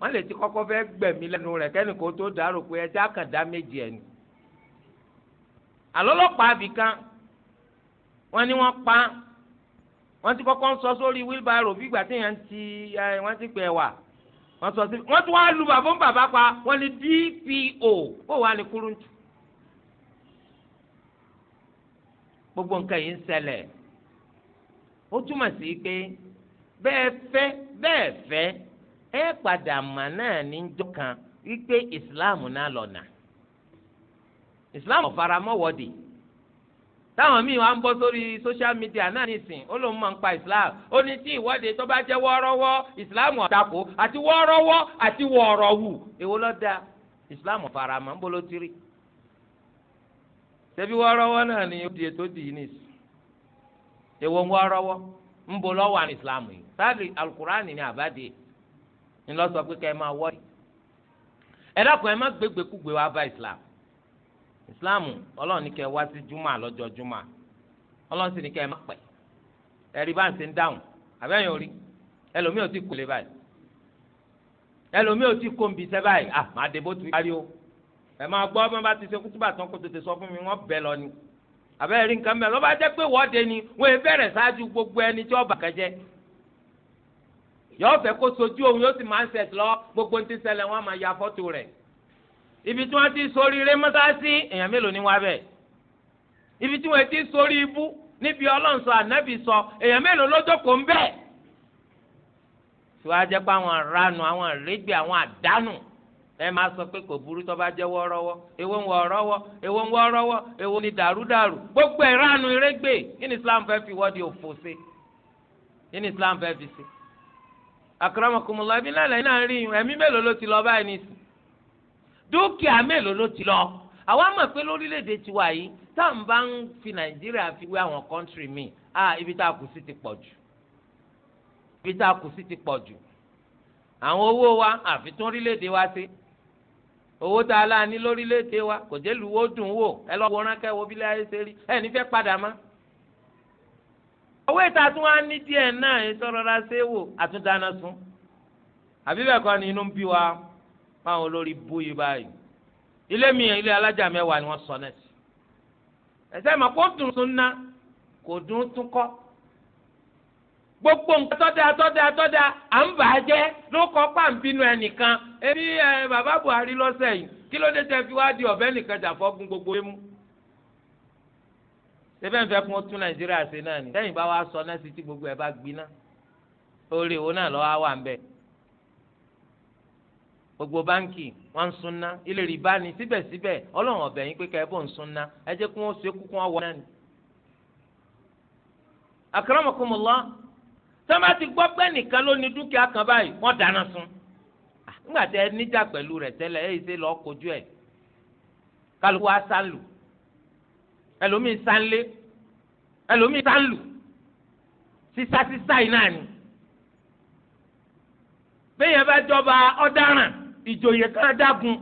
wọ́n lè ti kọ́kọ́ fẹ́ gbẹ̀mí lẹ́nu rẹ̀ kẹ́ni kó tó dárò pé ẹjẹ́ àkàndá méjì ẹ̀ ni àlọ́lọ́pàá àbìkan wọ́n ní wọ́n pa wọ́n ti kọ́kọ́ ń sọ sórí wheelbarrow bí ìgbà téèyàn ti wọ́n ti pè wà wọ́n sọ sí wọ́n tún wá lu bàbá ń bàbá pa wọ́n ní DPO ó wà ní kúrúntù gbogbo nǹkan yìí ń ṣẹlẹ̀ ó túmọ̀ sí pé bẹ́ẹ̀ fẹ́ bẹ́ẹ̀ fẹ́ ẹ padà mà náà níjọ́ kan wípé islam náà lọ́nà islam ọ̀faramọ́wọ́dì táwọn míì wá ń bọ́ sórí social media náà nìsín ó lóun máa ń pa islam ó ní tí ìwọ́de tó bá jẹ́ wọ́ọ́rọ́wọ́ islam ọ̀tàkù àti wọ́ọ́rọ́wọ́ àti wọ́ọ́rọ́wù èwo ló dáa islam ọ̀faramọ́ ń bolo tiri. ṣebí wárọ́wọ́ náà ni o di ètò di í nìsí èwo ń ń bo lọ́wọ́ àrùn islam yìí sáàbì alukurani ni àbádé ni lọ sọ pé ká ẹ máa gbégbé kúgbé wá bá islam islam wá sí juma juma sì ní bá ń dáhùn ẹ máa gbọ́ bí wọ́n bá ti ṣe kútúbà tán kó tètè sọ fún mi wọ́n bẹ̀ lọ ni àbẹ́rẹ́ rí nǹkan mẹ́rin ló bá jẹ́ pé wọ́ọ̀dẹ ni wọ́n ẹ bẹ̀rẹ̀ ṣáájú gbogbo ẹni tí ọba kẹjẹ yọ̀ọ́ fẹ́ kó sojú òun yóò sì máa ń sẹ̀t lọ gbogbo ti ṣẹlẹ̀ wọn máa ya fọ́tò rẹ̀ ibi tí wọ́n ti sori eré mọ́tàsí èèyàn mélòó ni wá bẹ̀ ibi tí wọ́n ti sori ibú níbi ọlọ́nsọ ànábì sọ èèyàn mélòó ló jókòó ń bẹ̀ tí wọ́n á jẹ́ pé àwọn aránù àwọn àrégbè àwọn àdánù ẹ máa sọ pé kò burú tó bá jẹ́ wọ́ọ́rọ́wọ́ ewo ń wọ ọ̀rọ́wọ́ ewo ń wọ ọ̀rọ́wọ́ ewo ni dàrúdàrú gbogbo ẹ̀ ránu irégbè kí ni Islam fẹ́ fi wọ́ọ̀dì òfò ṣe kí ni Islam fẹ́ fi ṣe. àkàràmọ̀kùnmọ̀lá ibi náà lẹ́yìn náà ń rí ẹ̀mí mélòó ló ti lọ báyìí nìsí dúkìá mélòó ló ti lọ àwa mọ̀ pé lórílẹ̀‐èdè tiwa yìí tá à ń bá ń fi Nàìjíríà fi wé àwọn kọ́ńtírì míì ah ibi tá a kù sí ti pọ̀ jù ibi tá a kù sí ti pọ̀ jù àwọn owó wa àfi orílẹ̀‐èdè wa ṣe owó tá a lá ní lórílẹ̀‐èdè wa kò jẹ́ lu wo dùn wò ẹ lọ́ọ́ wọ́n ránkẹ́ wo bílẹ̀ ayé ṣe rí ẹ nífẹ̀ẹ́ padà má. owó ìta tún wá ní díẹ̀ náà ẹ sọ̀rọ̀ ra ṣé wò àtúndáná sún. àbí bẹ́ẹ̀ kọ́ ni inú ń bí wa fáwọn olórí bú yìí báyìí. ilé mi ilé alájà mẹ́wàá ni wọ́n sọ náà ẹ̀sẹ̀ mọ̀ kó dùn sún ná kò dùn tún kọ́ gbogbo nǹkan tọ́da tọ́da tọ́da à ń bà á jẹ́ ló kọ́ pàǹpínú ẹnìkan ebi ẹ bàbá Buhari lọ́sẹ̀ yìí kí ló dé tẹ́ fi wá di ọ̀bẹ nìkan jà fọ́gun gbogbo emu. sẹ́fẹ̀ ń fẹ́ kún tún Nàìjíríà ṣe náà ni sẹ́yìn bá wa sọ náà sí tí gbogbo ẹ̀ bá gbiná orí ìwo náà lọ́wọ́ wà ń bẹ̀. gbogbo báńkì wọ́n ń sunná ilé rìbá ni síbẹ̀síbẹ̀ ọlọ́run ọ̀bẹ̀ yín pé kẹ́ẹ́ bò sọ́mà ti gbọ́ pé nìkan ló ní dúkìá kan báyìí wọ́n dáná sun nígbà tẹ ẹ níjà pẹ̀lú rẹ̀ tẹ́lẹ̀ ẹ̀ ṣe lọ́ọ́ kojú ẹ̀ kálukú á sálù sánlé ẹlòmíì sánlù sísá sísá yìí ni bẹ́ẹ̀ bá jọba ọ̀daràn ìjòyè kan dágun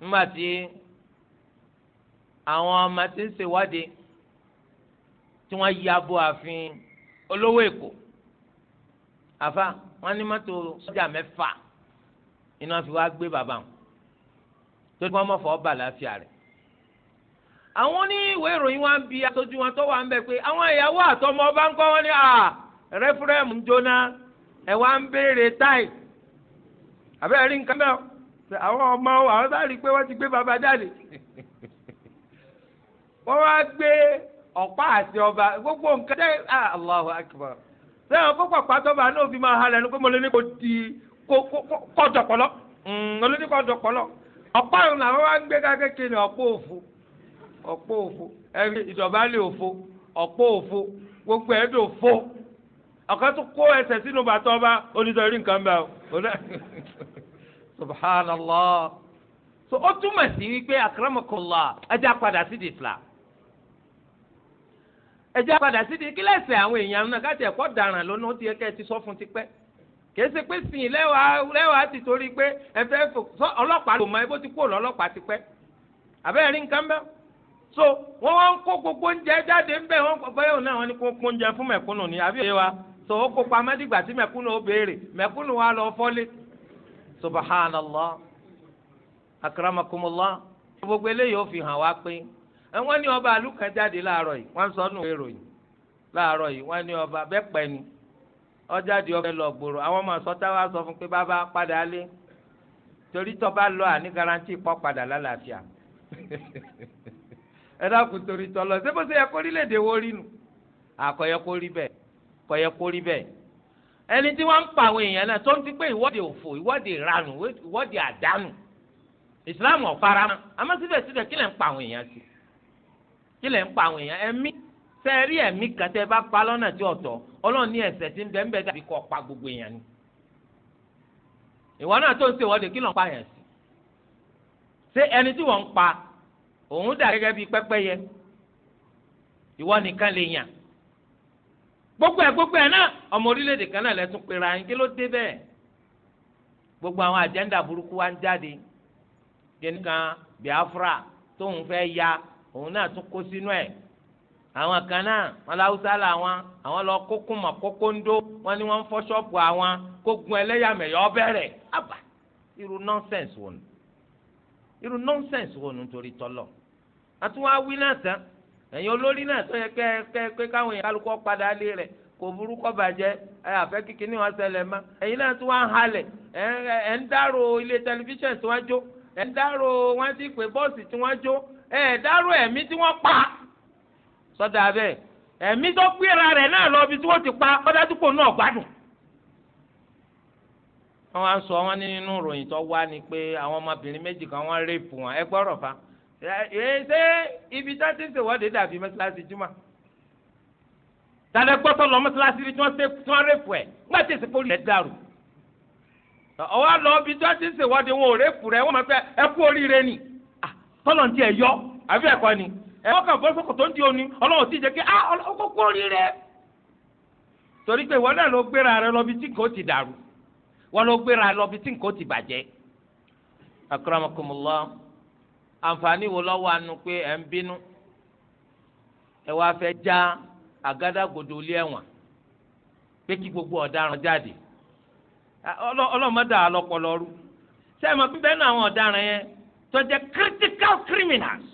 nígbà tí àwọn ọmọ tí ń ṣèwádìí tí wọ́n yí abo ààfin olówó èkó àfa wọn ní mọ́tò sọ́jà mẹ́fà iná fi wá gbé bàbá wọn tó kí wọn mọ fọ ọba àlàáfíà rẹ àwọn ní ìwé ìròyìn wa ń bi aṣojú wọn tó wà ń bẹ pé àwọn ìyàwó àtọmọ ọba ń kọ wọn ní rẹfúrẹmù ń jóná ẹ wá ń béèrè táì àbẹ́rẹ́ rí nǹkan bẹ́ẹ̀ àwọn ọmọ àwọn sáré pé wọ́n ti gbé bàbá jáde wọ́n wá gbé ọ̀pá àti ọba gbogbo nǹkan dẹ́ Allahu Akbar lẹ́yìn ọ̀pọ̀ pàpà tọ́ba náà máa pé mo lè ní kó di kó dọ̀pọ̀lọ́ hmm, mo lè ní kó dọ̀pọ̀lọ́ ọ̀pá wá ń gbé gbogbo ẹ̀ dò fo ọ̀kan tó kó ẹsẹ̀ sínú bàtọ́ ọba nǹkan bẹ́ẹ̀ o subhanallah so ó túmọ̀ sí wípé ẹ sí e jẹ́ padà sí di kílẹ̀sì àwọn èèyàn náà na ẹ̀kọ́ daràn lónà ó ti yẹ kẹ́ ẹ ti sọ fún tipẹ́ kì í ṣe pé sìn lẹ́wàá lẹ́wàá ti torí pé ẹ fẹ́ fò ọlọ́pàá lò mọ́ ẹ bó ti kúrò rí nǹkan so wọn wá ń kó gbogbo oúnjẹ jáde ń bẹ wọn náà wọn ni kó oúnjẹ fún so ó tí ó béèrè wa lọ Subahana akramakumullah gbogbo eléyìí ó fi hàn wá wọ́n ní ọba àlù kan jáde láàárọ̀ yìí sọ nù ìròyìn láàárọ̀ yìí ọba bẹ́ẹ̀ ni ọjáde ọbẹ̀ lọ gbòòrò àwọn ọmọ sọ́tà wa sọ fún pé bàbá padà lé torí lọ àní garanti pọ́ padà lálàáfíà ẹ dákun torí tọ́lọ ṣé bó ṣe yẹ kó wo rí nu kó rí kó rí ẹni tí ń pa àwọn èèyàn náà tó ń kí lẹ̀ ń pa àwọn èèyàn ẹ̀mí tẹ́ ẹ rí ẹ̀mí kan tẹ́ ẹ bá pa lọ́nà tí ọ̀tọ̀ ọlọ́run ní tí ń bẹ ń bẹ dàbí kọ́ pa gbogbo èèyàn ni ìwọ náà tó ń ṣe ìwọ́de kí ló ń pa yẹn sí ṣé ẹni tí wọ́n ń pa òun dà gẹ́gẹ́ bíi pẹ́pẹ́yẹ ìwọ nìkan lè yàn gbogbo ẹ̀ gbogbo ẹ̀ náà ọmọ orílẹ̀-èdè kan náà lẹ́tún pera yín kí ló dé bẹ́ẹ̀ gbogbo àwọn àjẹ́ńdà burúkú wa ń jáde kí Biafra tóun òun náà tún kó sínú ẹ̀ àwọn kan náà wọn láwùsá làwọn àwọn lọ kókó mọ kókó ń dó wọn ni wọn ń fọ ṣọ́ọ̀bù àwọn kógun ẹlẹ́yàmẹ̀yọ́ bẹ̀rẹ̀ àbá irú nọ́nsẹ̀nsì wọn irú nọ́nsẹ̀nsì wọn nítorí tọ́lọ̀ àtúwọ́n awí náà tán ẹ̀yin olórí náà tó yẹ kẹ́ kẹ́ pé káwọn èèyàn kálukọ́ padà lé rẹ̀ kò burúkọ bàjẹ́ ẹ àfẹ́ kíkì ní wọn ṣẹlẹ̀ mọ́ ẹ̀yin náà tún wá ń halẹ̀ ẹ̀ ń dárò ilé tẹlifíṣàn tí wọ́n jó ẹ̀ ń dárò wọ́n ti pè bọ́ọ̀sì tí wọ́n jó ẹ dárò ẹ̀mí tí wọ́n pa sọ́dà bẹ́ẹ̀ ẹ̀mí tó gbéra rẹ̀ náà lọ ibi tí wọ́n ti pa ọ̀dájúpò náà gbádùn. wọ́n wá ń sọ wọ́n nínú ìròyìn tó wá ni pé àwọn ọmọbìnrin méjì kan wọ́n rèpù wọn ẹ gbọ́rọ̀ fa ṣé ibi tá ti ń ṣèwọ́de dàbí mọ́ṣáláṣí jùmọ̀ tàdé gbọ́tọ̀ lọ mọ́ṣáláṣí tí wọ́n rèpù ẹ̀ ńgbà tí ìsìnkú rẹ̀ dàrú ọwọ́ lọ ibi tó ti ń ṣèwọ́de wọn ò rèpù rẹ̀ wọ́n máa fẹ́ ẹ kú oríire nìí kọ́lọ̀ ti ẹ̀ yọ àbí ẹ. ni ẹ̀ wọ́n kàn bọ́ sọ́kò tó ń di òní ọlọ́run ti jẹ́ kí á ọkọ̀ orí rẹ̀ torí pé ìwọ náà ló gbéra rẹ lọ bí tí nǹkan ó ti dàrú wọn ló gbéra lọ bí tí nǹkan ó ti bàjẹ́. akramakumullah àǹfààní wo lọ́wọ́ anu pé ẹ̀ ń bínú ẹ wá fẹ́ já àgádágodo ilé ẹ̀wọ̀n pé kí gbogbo ọ̀daràn jáde ọlọ́mọdà lọ́pọ̀lọ́rú sẹ́ẹ̀ mọ̀ pípẹ́ náà àwọn ọ̀daràn yẹn To the critical criminals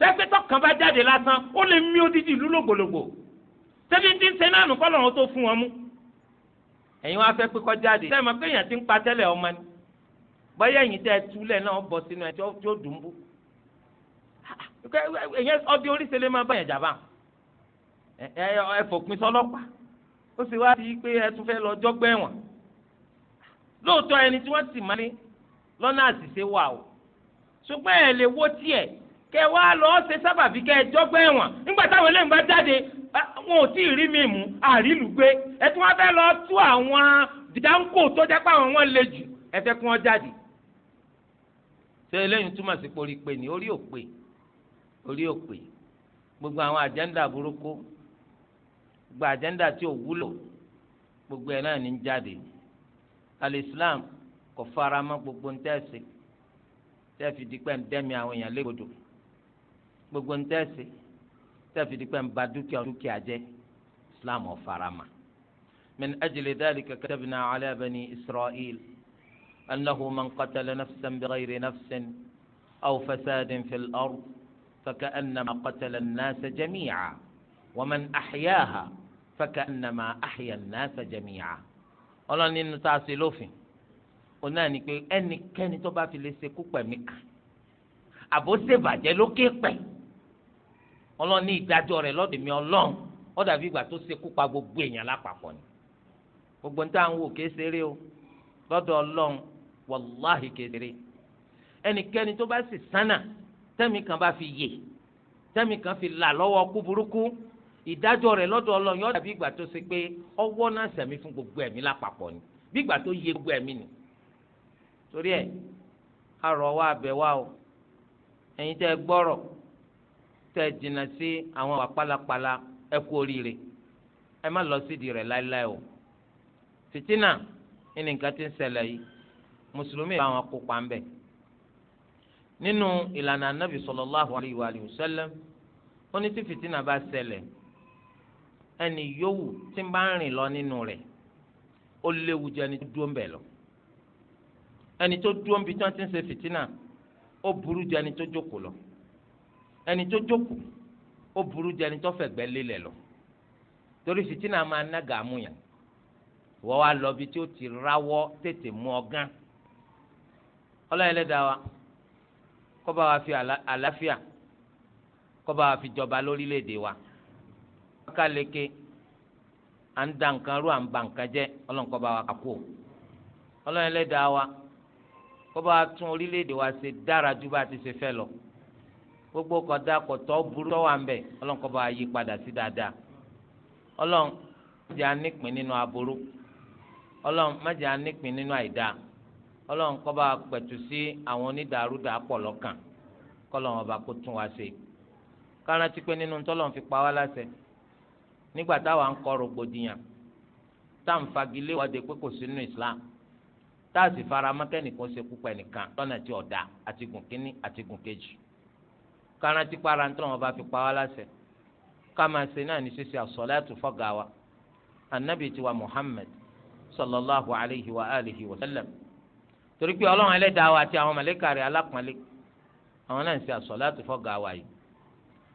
tẹ́gbẹ́ tó kàn bá jáde lásán ó lè mí odidi ìlú lògbòlògbò tẹ́bí ti ń sẹ́nà ànú kọ́lọ̀ wọn tó fún wọn mú ẹ̀yin wá fẹ́ pé kọ́ jáde sẹ́yìn mọ̀ pé èèyàn ti ń pa tẹ́lẹ̀ ọmọ ni bọ́yá ẹ̀yìn tẹ́ ẹ túlẹ̀ náà bọ̀ sínú ẹ̀ tí ó dùn bú ẹ̀yẹ ọdí oríṣiríṣi máa bá yẹn jà bá ẹ fòpin sọlọ́pàá ó sì wá di pé ẹ tún fẹ́ lọ jọ́gbẹ́ lóòótọ́ ṣùgbọ́n ẹ̀ lè wo tiẹ̀ kẹ wá lọ ṣe sábàbí kẹ ẹ jọgbẹ́ ẹ̀wọ̀n nígbà táwọn eléyìí bá jáde wọn ò tí ì rí mi mú àrílù gbé ẹ tí wọ́n fẹ́ lọ tú àwọn dídáńkò tó jẹ́ pé àwọn wọn le jù ẹ fẹ́ kí wọ́n jáde. ṣé eléyìí túmọ̀ sí pori pé ní orí òpè orí òpè gbogbo àwọn àjẹ́ńdà burúkú gbogbo àjẹ́ńdà tí ò wúlò gbogbo ẹ̀ náà ní jáde alẹ́ Islam kò fara mọ́ gbogbo ń tẹ̀sí tẹ́ẹ̀fì dípẹ́ ń dẹ́mi àwọn èèyàn légbodò gbogbo ń tẹ́ẹ̀sì tẹ́ẹ̀fì dípẹ́ ń ba dúkìá dúkìá jẹ́ islam ọ̀farama. من أجل ذلك كتبنا على بني إسرائيل أنه من قتل نفسا بغير نفس أو فساد في الأرض فكأنما قتل الناس جميعا ومن أحياها فكأنما أحيا الناس جميعا. ọlọ́ni nínú tá a ṣe lófin òun náà ni pé ẹnikẹ́ni tó bá fi lè ṣe kú pẹ̀mí kan àbó ṣèbàjẹ́ lókè pẹ̀ ọlọ́run ní ìdájọ́ rẹ̀ lọ́dọ̀ mi ọlọ́run ó dàbí ìgbà tó ṣe kú pa gbogbo èèyàn lápapọ̀ ni gbogbo níta ń wò kéé ṣeré o lọ́dọ̀ ọlọ́run wàláhì kéé ṣeré ẹnikẹ́ni tó bá sì sánà tẹ́mi kan bá fi yè tẹ́mi kan fi là lọ́wọ́ kú burúkú ìdájọ́ rẹ̀ lọ́dọ̀ ọlọ́run yóò dàbí ìgbà tó ṣe pé ọwọ́ náà sẹ̀mí fún gbogbo ẹ̀mí lápapọ̀ ni bí ìgbà tó yẹ gbogbo ẹ̀mí ni torí ẹ̀ arọ̀ wa abẹ́ wa o ẹ̀yin tẹ́ gbọ́rọ̀ tẹ́ jìnnà sí àwọn wà pálapàla ẹ oríire ẹ má lọ sídìí rẹ̀ láéláé o fìtínà ní nǹkan tí ń ṣẹlẹ̀ yìí mùsùlùmí bá wọn kópa ń bẹ nínú ìlànà anabi sallallahu alayhi wa sallam ó ní tí fìtínà bá ṣẹlẹ̀ ẹni yòówù tí ń bá ń rìn lọ nínú rẹ̀ ó léwu jẹ ní dúró ń bẹ lọ ẹni tó dúró níbi tí wọ́n ti ń ṣe fìtínà ó burú lọ ẹni tó jókòó ó burú ju ẹni tó lọ torí fìtínà máa nága àmúyàn wọ́n wá lọ bí tí ó ti ráwọ́ tètè mú ọgán ọlọ́yẹ̀lẹ́dàá wa kó bá wa fi àlàáfíà kó bá wa fi jọba lórílẹ̀‐èdè wa káleke à ń da nǹkan à ń ba nǹkan kó bá tún orílẹ̀-èdè wa ṣe dára ju bá a ti ṣe fẹ́ lọ gbogbo kọ̀dá kọ̀tọ́ burú tó wà ń bẹ̀ ọlọ́run kó bá yí padà sí dáadáa ọlọ́run má jẹ́ a nípìn nínú aburú ọlọ́run má jẹ́ a nípìn nínú àìdá ọlọ́run kó bá pẹ̀tù sí àwọn onídàárúdà pọ̀ lọ́kàn kọ́lọ́run ọba kó tún wa ṣe kárántí pé nínú tọ́lọ́run fi pa wá láṣẹ nígbà táwa ń kọ́ rògbòdìyàn tá ń fagilé wọ́de pé kò sínú Islam táàsì faramọ́ kẹ́nìkan ṣe kúpa ẹnìkan lọ́nà tí ọ̀dà àtìgùn kínní àtìgùn kejì kárántí para ń tọ́ wọn bá fi pa wá láṣẹ ká máa ṣe náà ní ṣíṣe àsọ̀láàtù fọ́gà wa anabi tiwa muhammed sallallahu alayhi wa alihi wa sallam torí pé ọlọ́run ẹlẹ́dàá wa àti àwọn mẹ̀lẹ́kà rẹ̀ alápọ̀nlé àwọn náà ń ṣe àsọ̀láàtù fọ́gà wa yìí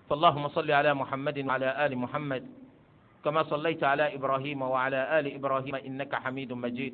fallahumma salli ala muhammadin wa ala ali muhammad kama sallaita ala ibrahim wa ala ali ibrahim innaka hamidun majid.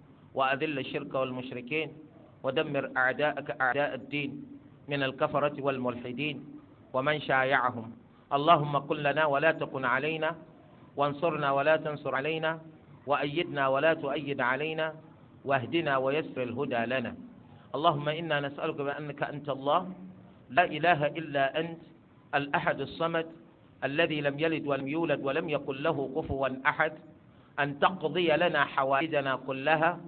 وأذل الشرك والمشركين ودمر أعداءك أعداء الدين من الكفرة والملحدين ومن شايعهم اللهم قل لنا ولا تكن علينا وانصرنا ولا تنصر علينا وأيدنا ولا تؤيد علينا واهدنا ويسر الهدى لنا اللهم إنا نسألك بأنك أنت الله لا إله إلا أنت الأحد الصمد الذي لم يلد ولم يولد ولم يقل له كفوا أحد أن تقضي لنا حوائجنا كلها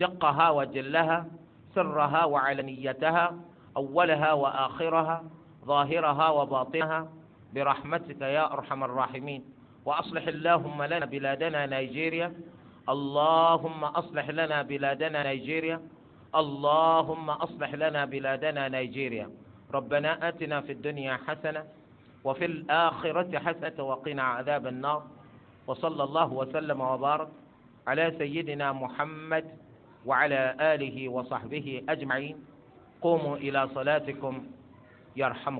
دقها وجلها سرها وعلنيتها أولها وآخرها ظاهرها وباطنها برحمتك يا أرحم الراحمين وأصلح اللهم لنا بلادنا نيجيريا اللهم أصلح لنا بلادنا نيجيريا اللهم أصلح لنا بلادنا نيجيريا ربنا آتنا في الدنيا حسنة وفي الآخرة حسنة وقنا عذاب النار وصلى الله وسلم وبارك على سيدنا محمد وعلى آله وصحبه أجمعين قوموا إلى صلاتكم يرحمكم